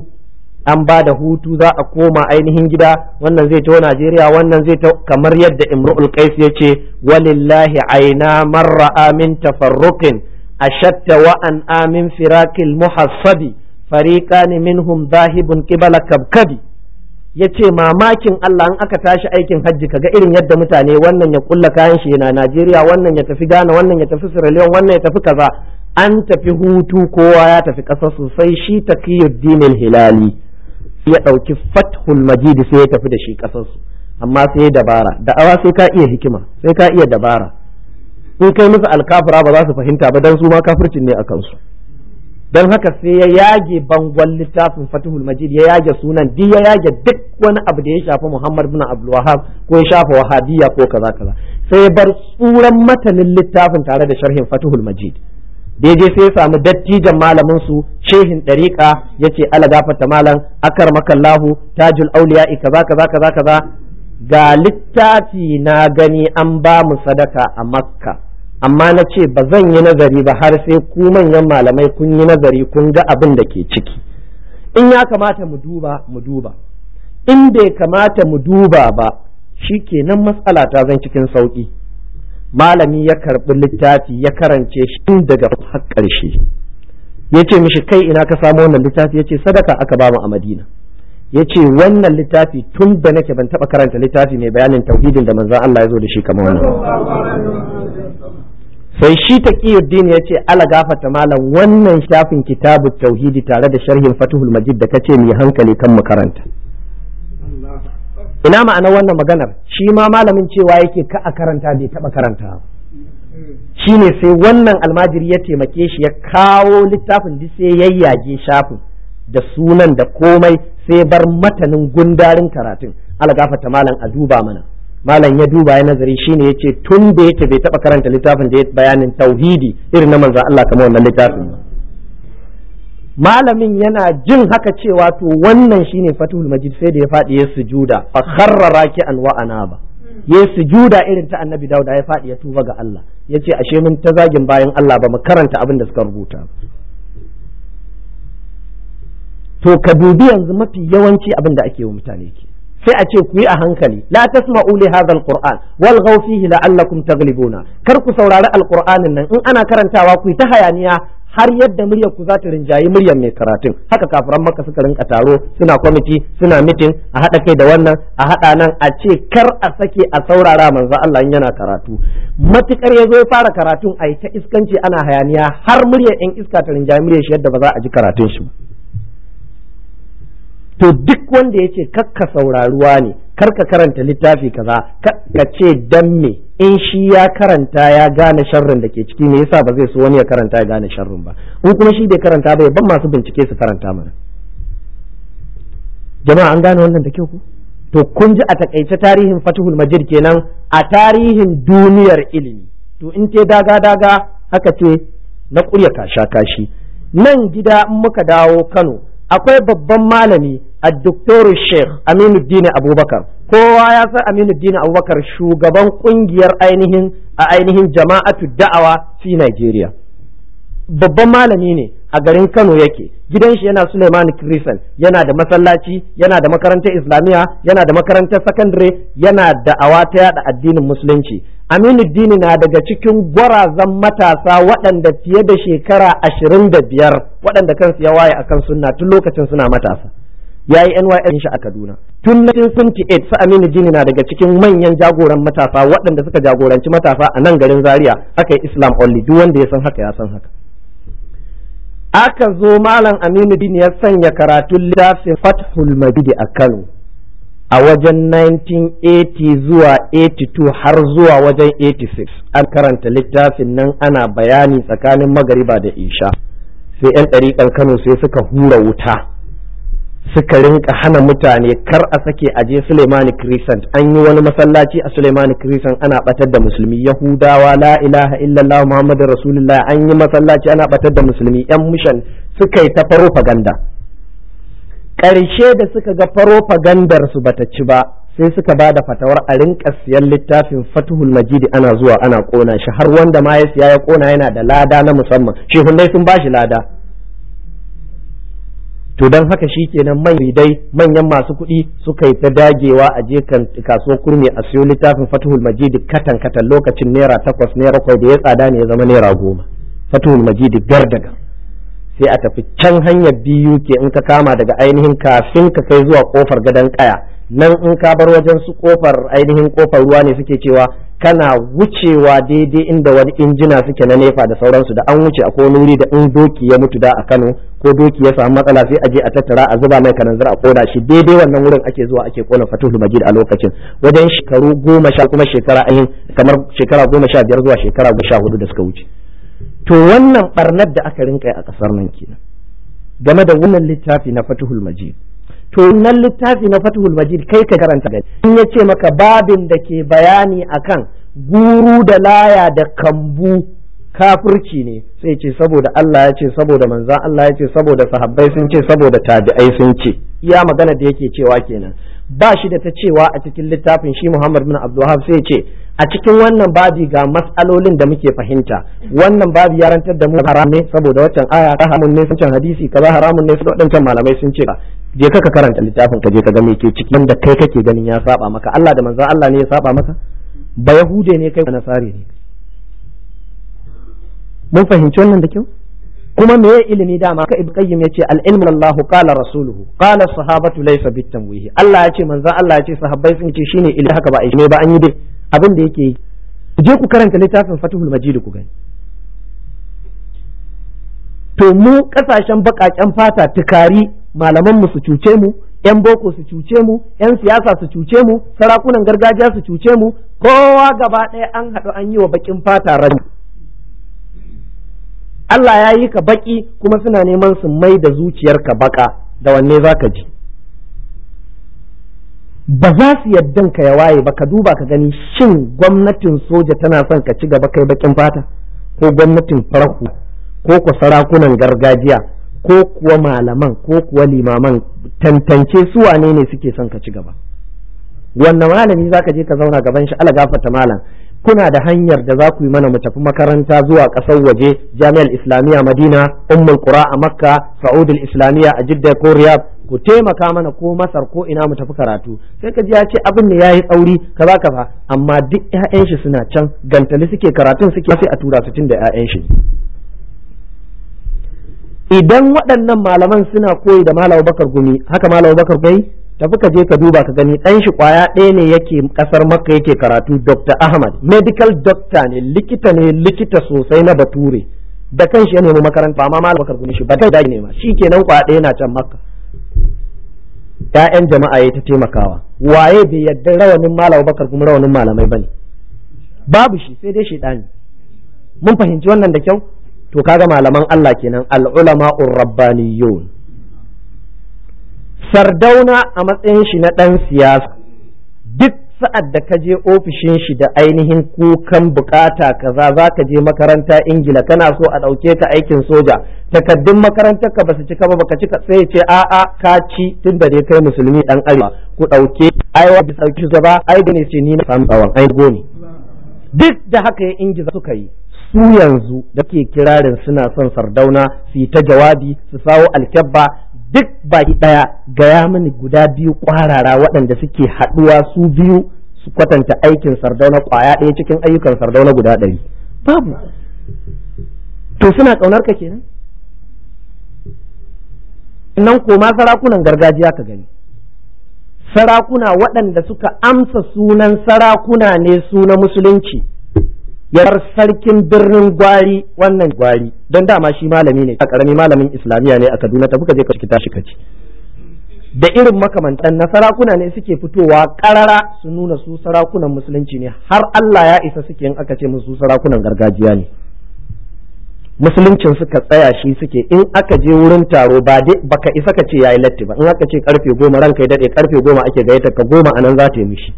an ba da hutu za a koma ainihin gida wannan zai tawo Najeriya wannan zai ta kamar yadda imru'ul Qais ya ce walillahi aina marra amin tafarruqin ashatta wa an amin firakil muhassabi fariqan minhum zahibun qibala kabkabi yace mamakin Allah in aka tashi aikin hajji kaga irin yadda mutane wannan ya kulla kayan shi yana Najeriya wannan ya tafi gana wannan ya tafi Sierra wannan ya tafi kaza an tafi hutu kowa ya tafi ƙasa sosai shi taqiyuddin hilali ya ɗauki fathul majid sai ya tafi da shi ƙasarsu amma sai ya dabara awa sai ka iya hikima sai ka iya dabara in kai musu alkafira ba za su fahimta ba dan su ma kafircin ne a kansu don haka sai ya yage bangon littafin fatihul majid ya yage sunan duk ya yage duk wani abu da ya shafi muhammad bin abdulwahab ko ya shafa wahabiyya ko kaza kaza sai ya bar tsuran matanin littafin tare da sharhin fatihul majid daidai sai ya samu dattijan malamin su shehin ɗariƙa ya ce ala gafarta malam akar makallahu tajul auliya kaza kaza kaza kaza ga littafi na gani an ba mu sadaka a makka amma na ce ba zan yi nazari ba har sai ku manyan malamai kun yi nazari kun ga abin da ke ciki in ya kamata mu duba mu duba in bai kamata mu duba ba shi kenan matsala ta zan cikin sauƙi malami ya karɓi littafi ya karance shi daga har ƙarshe ya ce mishi kai ina ka samu wannan littafi ya ce sadaka aka bamu a madina ya ce wannan littafi tun da nake ban taɓa karanta littafi mai bayanin tauhidin da manzan Allah ya zo da shi kamar wannan sai shi taqiyuddin ya ce ala gafata malam wannan shafin kitabu tauhidi tare da sharhin fatuhul majid da ce muyi hankali kan mu karanta ina ma'ana wannan maganar shi ma malamin cewa yake ka a karanta bai taba karanta shi ne sai wannan almajiri ya taimake shi ya kawo littafin duk sai yayyage shafin da sunan da komai sai bar matanin gundarin karatun algafata malam a duba mana malam ya duba ya nazari shi ne ya ce tun da ya bai taba karanta littafin da ya bayanin tauhidi irin na manzo Allah kamar wannan littafin ba malamin yana jin haka cewa to wannan shine fatul majid sai da ya faɗi ya sujuda fa kharra raki'an wa anaba ya sujuda irin ta annabi dauda ya faɗi ya tuba ga Allah yace ashe mun ta zagin bayan Allah ba mu karanta abin da suka rubuta to ka dubi yanzu mafi yawanci abin da ake wa mutane ke sai a ce ku yi a hankali la tasma'u li hadha alquran wal ghaw fihi la'allakum taghlibuna kar ku saurari alqur'anin nan in ana karantawa ku ta hayaniya har yadda muryar ku za ta rinjayi muryar mai karatun haka kafiran maka suka rinka taro suna kwamiti suna mitin a haɗa kai da wannan a haɗa nan a ce kar a sake a saurara manzo Allah in yana karatu matukar ya zo ya fara karatun a ta iskanci ana hayaniya har muryar ɗin iska ta rinjayi muryar shi yadda ba za a ji karatun shi to duk wanda ya ce kakka sauraruwa ne kar ka karanta littafi kaza ka ce dan me in shi ya karanta ya gane sharrin da ke ciki me yasa ba zai so wani ya karanta ya gane sharrin ba in kuma shi bai karanta ba ban masu bincike su karanta mana jama'a an gane wannan da kyau ku to kun ji a takaice tarihin fatuhul majid kenan a tarihin duniyar ilimi to in ce daga daga haka ce na kuya kasha kashi nan gida in muka dawo Kano akwai babban malami الدكتور الشيخ أمين الدين أبو بكر kowa ya san Aminuddin Abubakar shugaban ƙungiyar ainihin a ainihin jama'atu da'awa fi Najeriya babban malami ne a garin Kano yake gidan shi yana Suleiman Kristen yana da masallaci yana da makarantar Islamiyya yana da makarantar sakandare yana da'awa ta yada addinin musulunci Aminuddin na daga cikin gwarazan matasa waɗanda fiye da shekara ashirin da biyar waɗanda kansu ya waye akan sunna tun lokacin suna matasa ya yi NYS shi a Kaduna tun 1978 su Aminu Jini na daga cikin manyan jagoran matasa waɗanda suka jagoranci matasa a nan garin Zaria aka yi Islam only duk wanda ya san haka ya san haka aka zo malam Aminu Jini ya sanya karatun littafin Fathul Majid a Kano a wajen 1980 zuwa 82 har zuwa wajen 86 an karanta littafin nan ana bayani tsakanin magariba da isha sai 'yan ɗariƙar Kano sai suka hura wuta suka rinka hana mutane kar a sake a je Suleimani Crescent an yi wani masallaci a Suleimani Crescent ana batar da musulmi Yahudawa la ilaha illallah Muhammadur Rasulullah an yi masallaci ana batar da musulmi yan mishan suka yi ta propaganda ƙarshe da suka ga propagandar su bata ci ba sai suka ba da fatawar a rinka siyan littafin Fatuhul Majid ana zuwa ana kona shi har wanda ma ya siya ya kona yana da lada na musamman shehunai sun bashi lada to don haka shi kenan dai manyan masu kuɗi suka yi ta dagewa a je kasuwar kurmi a siyo littafin fatuhul majidi katan katan lokacin naira takwas naira kwai da ya tsada ne ya zama naira goma fatuhul majidi gar da gar sai a tafi can hanyar biyu ke in ka kama daga ainihin kafin ka kai zuwa kofar gadon kaya nan in ka bar wajen su kofar ainihin kofar ruwa ne suke cewa kana wucewa daidai inda wani injina suke na nefa da sauransu da an wuce a wani wuri da in doki ya mutu da a Kano ko doki ya samu matsala sai a je a tattara a zuba mai kananzir a koda shi daidai wannan wurin ake zuwa ake kona fatuhul majid a lokacin wajen shekaru goma sha kuma shekara ayin kamar shekara goma sha biyar zuwa shekara goma sha hudu da suka wuce to wannan ɓarnar da aka rinka a kasar nan kenan game da wannan littafi na fatuhul majid to nan littafi na fatihul majid kai ka karanta gani in ya ce maka babin da ke bayani akan guru da laya da kambu kafirci ne sai ce saboda Allah ya ce saboda manzan Allah ya ce saboda sahabbai sun ce saboda tabi'ai sun ce iya magana da yake cewa kenan ba shi da ta cewa a cikin littafin shi Muhammad bin Abdulwahab sai ce a cikin wannan babi ga matsalolin da muke fahimta wannan babi ya rantar da mu haram ne saboda waccan aya ta haramun ne sun can hadisi kaza haramun ne sun wadancan malamai sun ce je ka karanta littafin ka je ka ga me ke ciki wanda kai kake ganin ya saba maka Allah da manzon Allah ne ya saba maka ba yahude ne kai na nasari ne mun fahimci wannan da kyau kuma me ilimi dama ka ibn qayyim yace al ilmu Allahu qala rasuluhu qala sahabatu laysa bitamwihi Allah yace manzon Allah yace sahabbai sun ce shine ilmi haka ba ai me ba an yi dai abin da yake yi ku je ku karanta littafin fatihul majid ku gani to mu kasashen bakaken fata tukari malaman mu su cuce mu yan boko su cuce mu yan siyasa su cuce mu sarakunan gargajiya su cuce mu kowa gaba ɗaya an haɗu an yi wa bakin fata rani Allah ya yi ka baki kuma suna neman su mai da zuciyarka baka da wanne zaka ji ba za su yaddan ka ya waye ba ka duba ka gani shin gwamnatin soja tana son ka ci gaba kai bakin fata ko gwamnatin farko ko ku sarakunan gargajiya ko kuwa malaman ko kuwa limaman tantance su wane ne suke son ka ci gaba wannan malami za ka je ka zauna gaban shi alagafata malam kuna da hanyar da za ku yi mana mu tafi makaranta zuwa ƙasar waje jami'ar islamiyya madina ummul qura a makka sa'udul islamiyya a jidda ko riyadh ku taimaka mana ko masar ko ina mu tafi karatu sai ka ji ya ce abin ne yayi tsauri ka ba ka ba amma duk ƴaƴan shi suna can gantali suke karatun suke sai a tura su tun da ƴaƴan shi idan waɗannan malaman suna koyi da Malam bakar gumi haka Malam bakar gumi tafi ka je ka duba ka gani ɗan shi kwaya ɗaya ne yake ƙasar makka yake karatu dr ahmad medical doctor ne likita ne likita sosai na bature da kanshi ya nemi makaranta amma Malam bakar gumi shi ba ta ne ma shi kenan kwaya ɗaya na can makka ‘ya'yan jama'a ya ta taimakawa waye bai yadda rawanin malam bakar kuma rawanin malamai bane babu shi sai dai ɗani mun fahimci wannan da kyau to kaga malaman Allah kenan al'ulama yau sardauna a matsayin shi na ɗan siyasa duk sa'ad da ka je ofishin shi da ainihin kukan bukata kaza za ka je makaranta ingila kana so a ɗauke ka aikin soja takaddun makarantar ka basu cika ba baka cika sai ce a'a ka ci tun da dai kai musulmi dan arewa ku ɗauke ai wa bisa ki gaba ai da ne ce ni na samu tsawon ai goni duk da haka ya Ingila suka yi su yanzu da ke kirarin suna son sardauna su yi ta jawabi su sawo alkyabba duk baki ɗaya gaya mini guda biyu kwarara waɗanda suke haɗuwa su biyu su kwatanta aikin sardauna ƙwaya ɗaya cikin ayyukan sardauna guda ɗari babu to suna ƙaunar ka kenan nan koma sarakunan gargajiya ka gani sarakuna waɗanda suka amsa sunan sarakuna ne su na musulunci yar sarkin birnin gwari wannan gwari don dama shi malami ne a karami malamin islamiyya ne a kaduna ta buka je ka shi tashi kaci da irin makamantan na sarakuna ne suke fitowa karara su nuna su sarakunan musulunci ne har Allah ya isa suke in aka ce musu sarakunan gargajiya ne musuluncin suka tsaya shi suke in aka je wurin taro ba dai baka isa ka ce yayi latti ba in aka ce karfe goma ranka ya dade karfe goma ake gayyata ka goma anan za ta yi mishi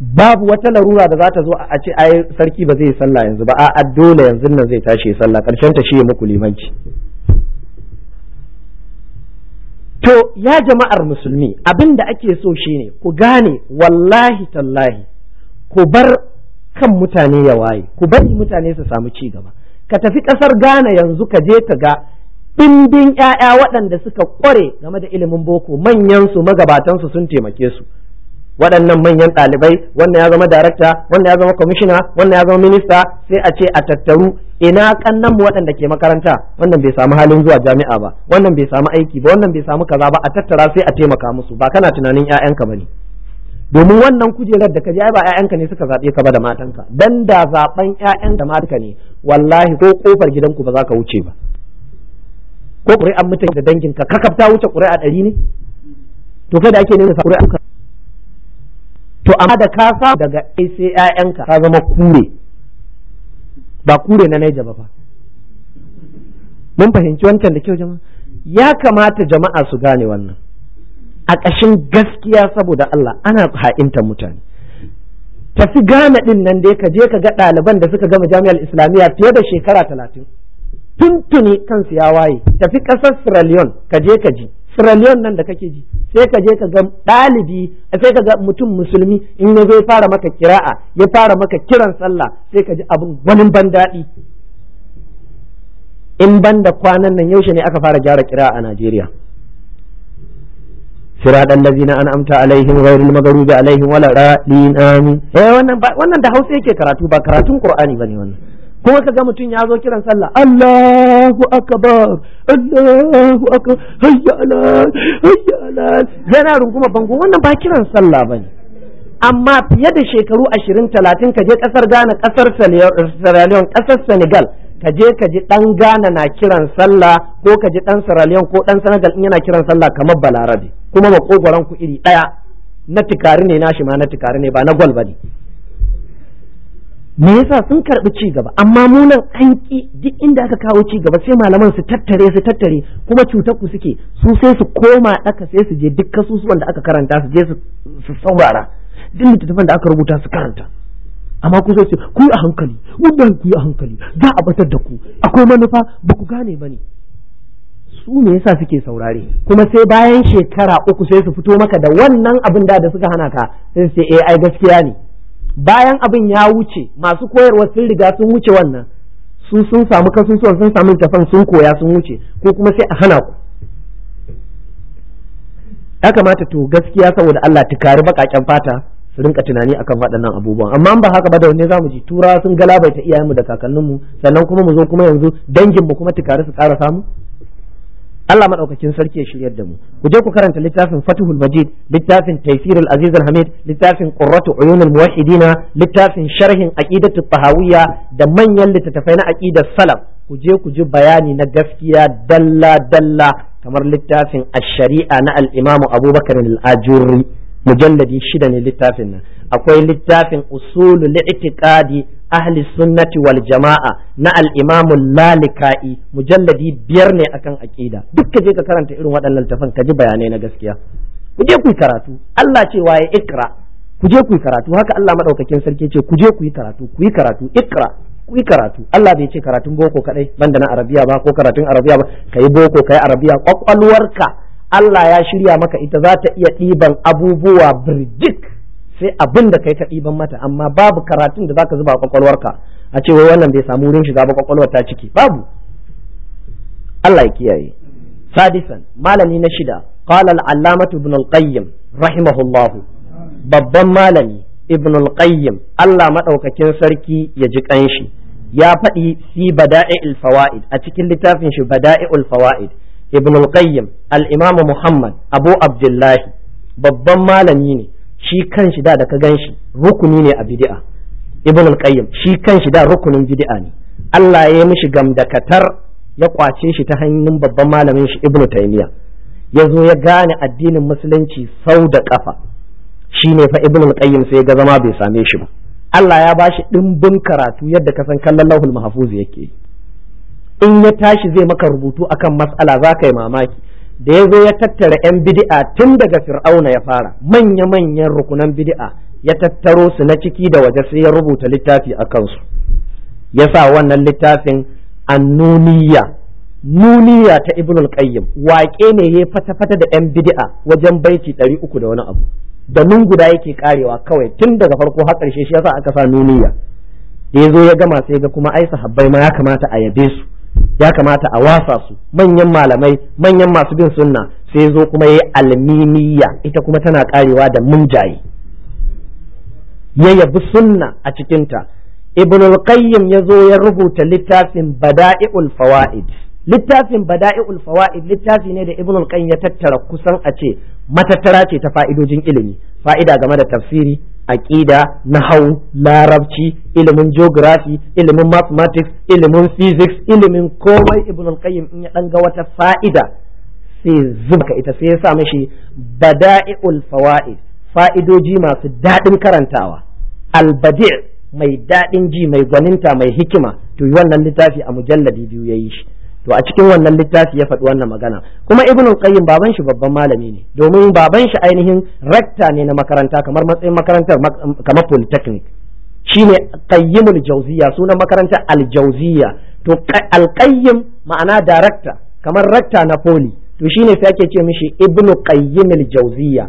babu wata larura da za ta zo a ce ai sarki ba zai sallah yanzu ba a dole yanzu nan zai tashi sallah karshen ta shi muku limanci to ya jama'ar musulmi abin da ake so shine ku gane wallahi tallahi ku bar kan mutane ya waye ku bari mutane su samu ci gaba ka tafi kasar Ghana yanzu ka je ka ga dindin ‘ya'ya waɗanda suka kware game da ilimin boko manyansu magabatansu sun taimake su waɗannan manyan ɗalibai wannan ya zama darakta wannan ya zama kwamishina wannan ya zama minista sai a ce a tattaru ina kannanmu waɗanda ke makaranta wannan bai samu halin zuwa jami'a ba wannan bai samu aiki ba wannan bai samu kaza ba a tattara sai a taimaka musu ba kana tunanin 'ya'yanka ba ne domin wannan kujerar da ka ji ba 'ya'yanka ne suka zaɓe ka ba da matanka dan da zaɓen 'ya'yan da matanka ne wallahi ko kofar gidanku ba za ka wuce ba ko ƙuri'an mutane da ka, ka ta wuce ƙuri'a ɗari ne to kai da ake nuna ƙuri'an to amma da ka samu daga sai ka. ka zama kure ba kure na naija ba fa mun fahimci wancan da kyau jama'a ya kamata jama'a su gane wannan a ƙashin gaskiya saboda Allah ana ha'inta mutane tafi gane ɗin nan da ka je ka ga ɗaliban da suka gama jami'ar islamiyya fiye da shekara talatin tuntuni kansu ya waye tafi ƙasar sierra leone ka je ka ji siraliyon nan da kake ji sai ka je ka ga ɗalibi sai ka ga mutum musulmi in ya zai fara maka kira'a ya fara maka kiran sallah sai ka ji abin gwanin ban daɗi in ban da kwanan nan yaushe ne aka fara gyara kira a Najeriya siradan lazina an amta alaihim ghairil maghdubi alaihim wala ra'in amin eh wannan wannan da Hausa yake karatu ba karatun Qur'ani bane wannan kuma ka ga mutum ya zo kiran sallah Allahu akbar Allahu akbar hayya ala hayya ala yana runguma bango wannan ba kiran sallah bane amma fiye da shekaru ashirin talatin ka je kasar Ghana kasar Sierra Leone kasar Senegal ka je ka ji dan Ghana na kiran sallah ko ka ji dan Sierra ko dan Senegal in yana kiran sallah kamar Balarabe kuma makogoran ku iri daya na tikari ne shi ma na tikari ne ba na gwal bane me yasa sun karbi ci gaba amma munan nan an duk inda aka kawo ci gaba sai malaman su tattare su tattare kuma cutar ku suke su sai su koma daka sai su je duk kasusuwan da aka karanta su je su saurara duk littattafan da aka rubuta su karanta amma ku sai ku yi a hankali wallahi ku yi a hankali za a batar da ku akwai manufa ba ku gane ba ne su me yasa suke saurare kuma sai bayan shekara uku sai su fito maka da wannan abin da da suka hana ka sai su ce eh, ai gaskiya ne bayan abin ya wuce masu koyarwa sun riga sun wuce wannan su sun samu kasusuwan sun samu tafan sun koya sun wuce ko kuma sai a hana ku ya kamata to gaskiya saboda Allah tukari bakaken fata su rinka tunani akan waɗannan abubuwan amma ba haka ba da wani zamu ji turawa sun galabaita iyayenmu da kakanninmu sannan kuma mu zo kuma yanzu dangin mu kuma tukari su ƙara samu Allah madaukakin sarki ya shiryar da mu ku je ku karanta littafin Fathul Majid littafin Taysir al-Aziz al-Hamid littafin Qurratu Uyun al-Muwahhidin littafin Sharhin Aqidatu Tahawiyya da manyan littattafai na aqidar salaf ku je ku ji bayani na gaskiya dalla dalla kamar littafin Ash-Shari'a na al-Imam Abubakar al-Ajurri mujalladi shida ne littafin nan akwai littafin usulu li'tiqadi ahli sunnati wal jama'a na al-imam lalika'i mujalladi biyar ne akan aqida duk ka je ka karanta irin waɗannan tafan ka ji bayanai na gaskiya ku je ku karatu Allah cewa ya ikra ku je ku karatu haka Allah madaukakin sarki ce ku je ku karatu ku karatu ikra ku karatu Allah bai ce karatun boko kadai banda na arabiya ba ko karatun arabiya ba kai boko kai arabiya kwakwalwarka Allah ya shirya maka ita za ta iya ɗiban abubuwa birjik sai abin da kai ka ɗiban mata amma babu karatun da zaka zuba a kwakwalwarka a ce wai wannan bai samu wurin shiga ba kwakwalwar ta ciki babu Allah ya kiyaye sadisan malami na shida qala al-allamah ibn al-qayyim rahimahullahu babban malami ibn al-qayyim Allah madaukakin sarki ya ji kanshi ya faɗi fi Bada'il fawaid a cikin littafin shi bada'i'ul fawaid ibn al-qayyim al-imam muhammad abu abdullahi babban malami ne shi shi da da ka gan shi rukuni ne a bid'a ibn al-qayyim shi kan shi da rukunin bid'a ne Allah ya yi mishi gamdakatar ya kwace shi ta hannun babban malamin shi ibn taymiya ya zo ya gane addinin musulunci sau da kafa shi ne fa ibn al-qayyim sai ga zama bai same shi ba Allah ya bashi dimbin karatu yadda ka san kallon lahul mahfuz yake in ya tashi zai maka rubutu akan mas'ala za ka yi mamaki da ya zo ya tattara 'yan bidi'a tun daga fir'auna ya fara manya-manyan rukunan bidi'a ya tattaro su na ciki da waje sai ya rubuta littafi a kansu ya sa wannan littafin annuniya nuniya ta ibn al waƙe ne ya fata-fata da 'yan bidi'a wajen baiti ɗari uku da wani abu da nun guda yake karewa kawai tun daga farko har ƙarshe shi yasa aka sa nuniya da ya ya gama sai ga kuma ai sahabbai ma ya kamata a yabe su ya kamata a wasa su manyan malamai manyan masu bin sunna sai zo kuma yayi almimiya ita kuma tana karewa da munjayi ya yabi sunna a cikinta ibn al-qayyim ya zo ya rubuta littafin bada'i'ul fawaid littafin bada'i'ul fawaid littafi ne da ibn al-qayyim ya tattara kusan a ce matattara ce ta fa'idojin ilimi fa'ida game da tafsiri na hau larabci ilimin geography ilimin mathematics ilimin physics ilimin komai ibn al-qayyim in ya dan ga wata fa'ida sai zubka ita sai ya sa mashi bada'iul fawaid fa'idoji masu dadin karantawa al-badi' mai dadin ji mai gwaninta mai hikima to yi wannan littafi a mujalladi biyu yayi shi to a cikin wannan littafi ya faɗi wannan magana kuma ibn qayyim baban shi babban malami ne domin baban shi ainihin rekta ne na makaranta kamar matsayin makarantar kamar polytechnic shine qayyimul jawziya sunan makarantar al al-jawziya to al-qayyim ma'ana darakta kamar rekta na poli to shine sai ake ce mishi ibn qayyimul jawziya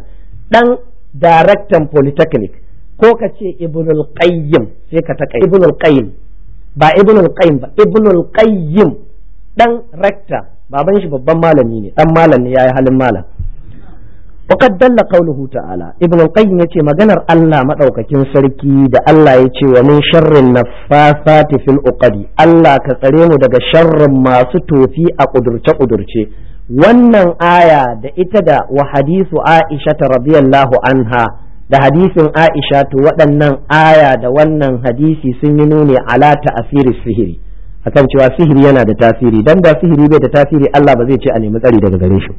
dan daraktan polytechnic ko ka ce al qayyim sai ka ta al qayyim ba al qayyim ba ibnul qayyim dan rekta baban shi babban malami ne dan malami ne yayi halin malam وقد دل قوله تعالى ابن القيم yace maganar Allah madaukakin sarki da Allah yace wa min sharrin naffasati fil uqadi Allah ka tsare mu daga sharrin masu tofi a kudurce kudurce wannan aya da ita da wa hadisu Aisha radiyallahu anha da hadisin Aisha to waɗannan aya da wannan hadisi sun yi nuni ala asirin sihiri akan cewa sihiri yana da tasiri dan da sihiri bai da tasiri Allah ba zai ce a nemi tsari daga gare shi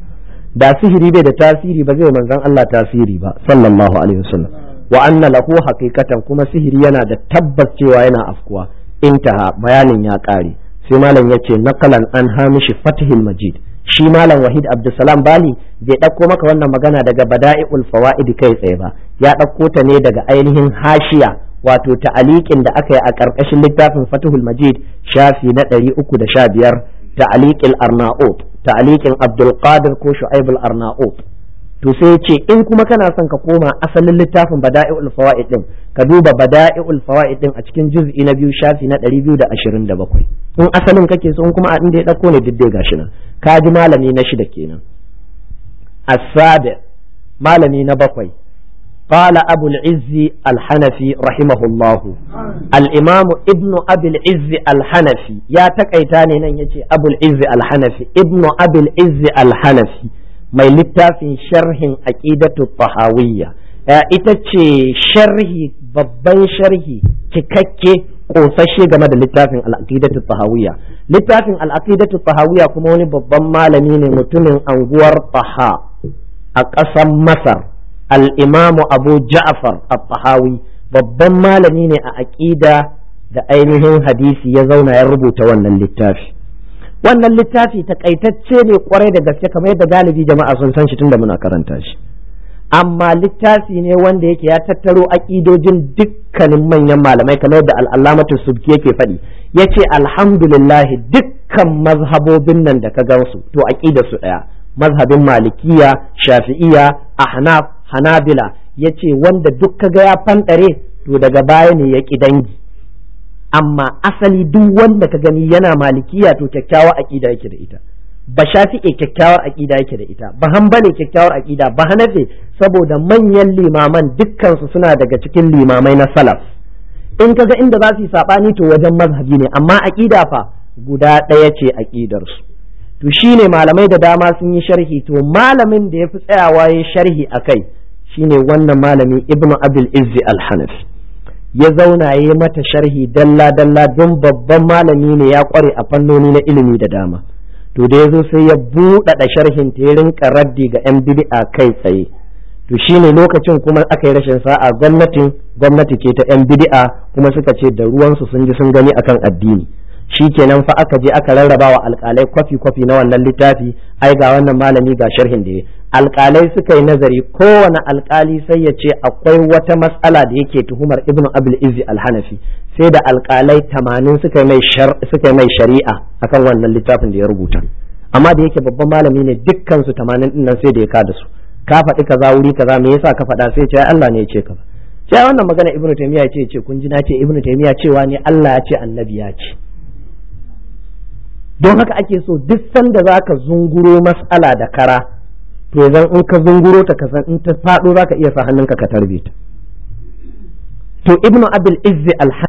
da sihiri bai da tasiri ba zai manzon Allah tasiri ba sallallahu alaihi wasallam wa anna lahu haqiqatan kuma sihiri yana da tabbas cewa yana afkuwa intaha bayanin ya kare sai malam yace naqalan an hamishi fathil majid shi malam wahid abdulsalam bali bai dauko maka wannan magana daga bada'i'ul fawaid kai tsaye ba ya dauko ta ne daga ainihin hashiya wato ta'aliƙin da aka yi a ƙarƙashin littafin Fathul Majid shafi na uku da sha biyar. Ta'aliƙin Qadir ko Shu'aib ko arnaut to sai ce in kuma kana son ka koma asalin littafin Bada'i'ul Fawaid din ka duba Bada'i'ul Fawaid din a cikin juz'i na biyu shafi na bakwai. in asalin kake so in kuma a inda ya ɗauko ne diddai gashi nan ka ji malami na shida kenan as malami na bakwai قال أبو العز الحنفي رحمه الله الإمام ابن أبي العز الحنفي يا تكيتاني نيجي أبو العز الحنفي ابن أبي العز الحنفي ما في شرح أكيدة الطهاوية إتتشي شرحي babban sharhi cikakke kosashe game da littafin al'aqidatu tahawiyya littafin al'aqidatu tahawiyya kuma wani babban malami ne mutumin anguwar taha a ƙasar masar Al'imamu imamu abu ja'far at fahawi babban malami ne a aƙida da ainihin hadisi ya zauna ya rubuta wannan littafi wannan littafi takaitacce ne kwarai da gaske kamar yadda galibi jama'a sun san shi tunda muna karanta shi amma littafi ne wanda yake ya tattaro aƙidojin dukkanin manyan malamai kamar yadda al'alamatu subki yake faɗi ya ce alhamdulillah dukkan mazhabobin nan da ka gansu to aƙida su ɗaya mazhabin malikiya shafi'iya ahnaf hanabila ya ce wanda duk kaga ya fanɗare to daga baya ne ya ƙi dangi amma asali duk wanda ka gani yana malikiya to kyakkyawar aƙida yake da ita ba shafi'e kyakkyawar aƙida yake da ita ba hanbali kyakkyawar aƙida ba hanafi saboda manyan limaman dukkansu suna daga cikin limamai na salaf in kaga inda za su yi saɓani to wajen mazhabi ne amma aƙida fa guda ɗaya ce aƙidarsu to ne malamai da dama sun yi sharhi to malamin da ya fi tsayawa ya sharhi a kai shine wannan malamin ibnu abil izzi al ya zauna ya mata sharhi dalla dalla don babban malami ne ya kware a fannoni na ilimi da dama to da ya zo sai ya buɗaɗa sharhin ta ya rinka raddi ga yan bid'a kai tsaye to shine lokacin kuma aka yi rashin sa'a gwamnatin gwamnati ce ta yan bid'a kuma suka ce da ruwansu sun ji sun gani akan addini Shi kenan fa aka je aka rarraba wa alkalai kwafi kwafi na wannan littafi ai ga wannan malami ga sharhin da ya alkalai suka yi nazari kowane alkali sai ya ce akwai wata matsala da yake tuhumar Ibn abul izzi alhanafi sai da alkalai tamanin suka mai suka mai shari'a akan wannan littafin da ya rubuta amma da yake babban malami ne dukkan su tamanin din nan sai da ya kada su ka faɗi kaza wuri kaza me yasa ka faɗa sai ce Allah ne ya ce ba. sai wannan magana ibnu taymiya ya ce kun ji na ce ibnu taymiya cewa ne Allah ya ce annabi ya ce don haka ake so duk sanda za ka zunguro mas'ala da kara to zan in ka zunguro ta san in ta faɗo za ka iya sa hannunka ka tarbe ta to ibnu abdul izzi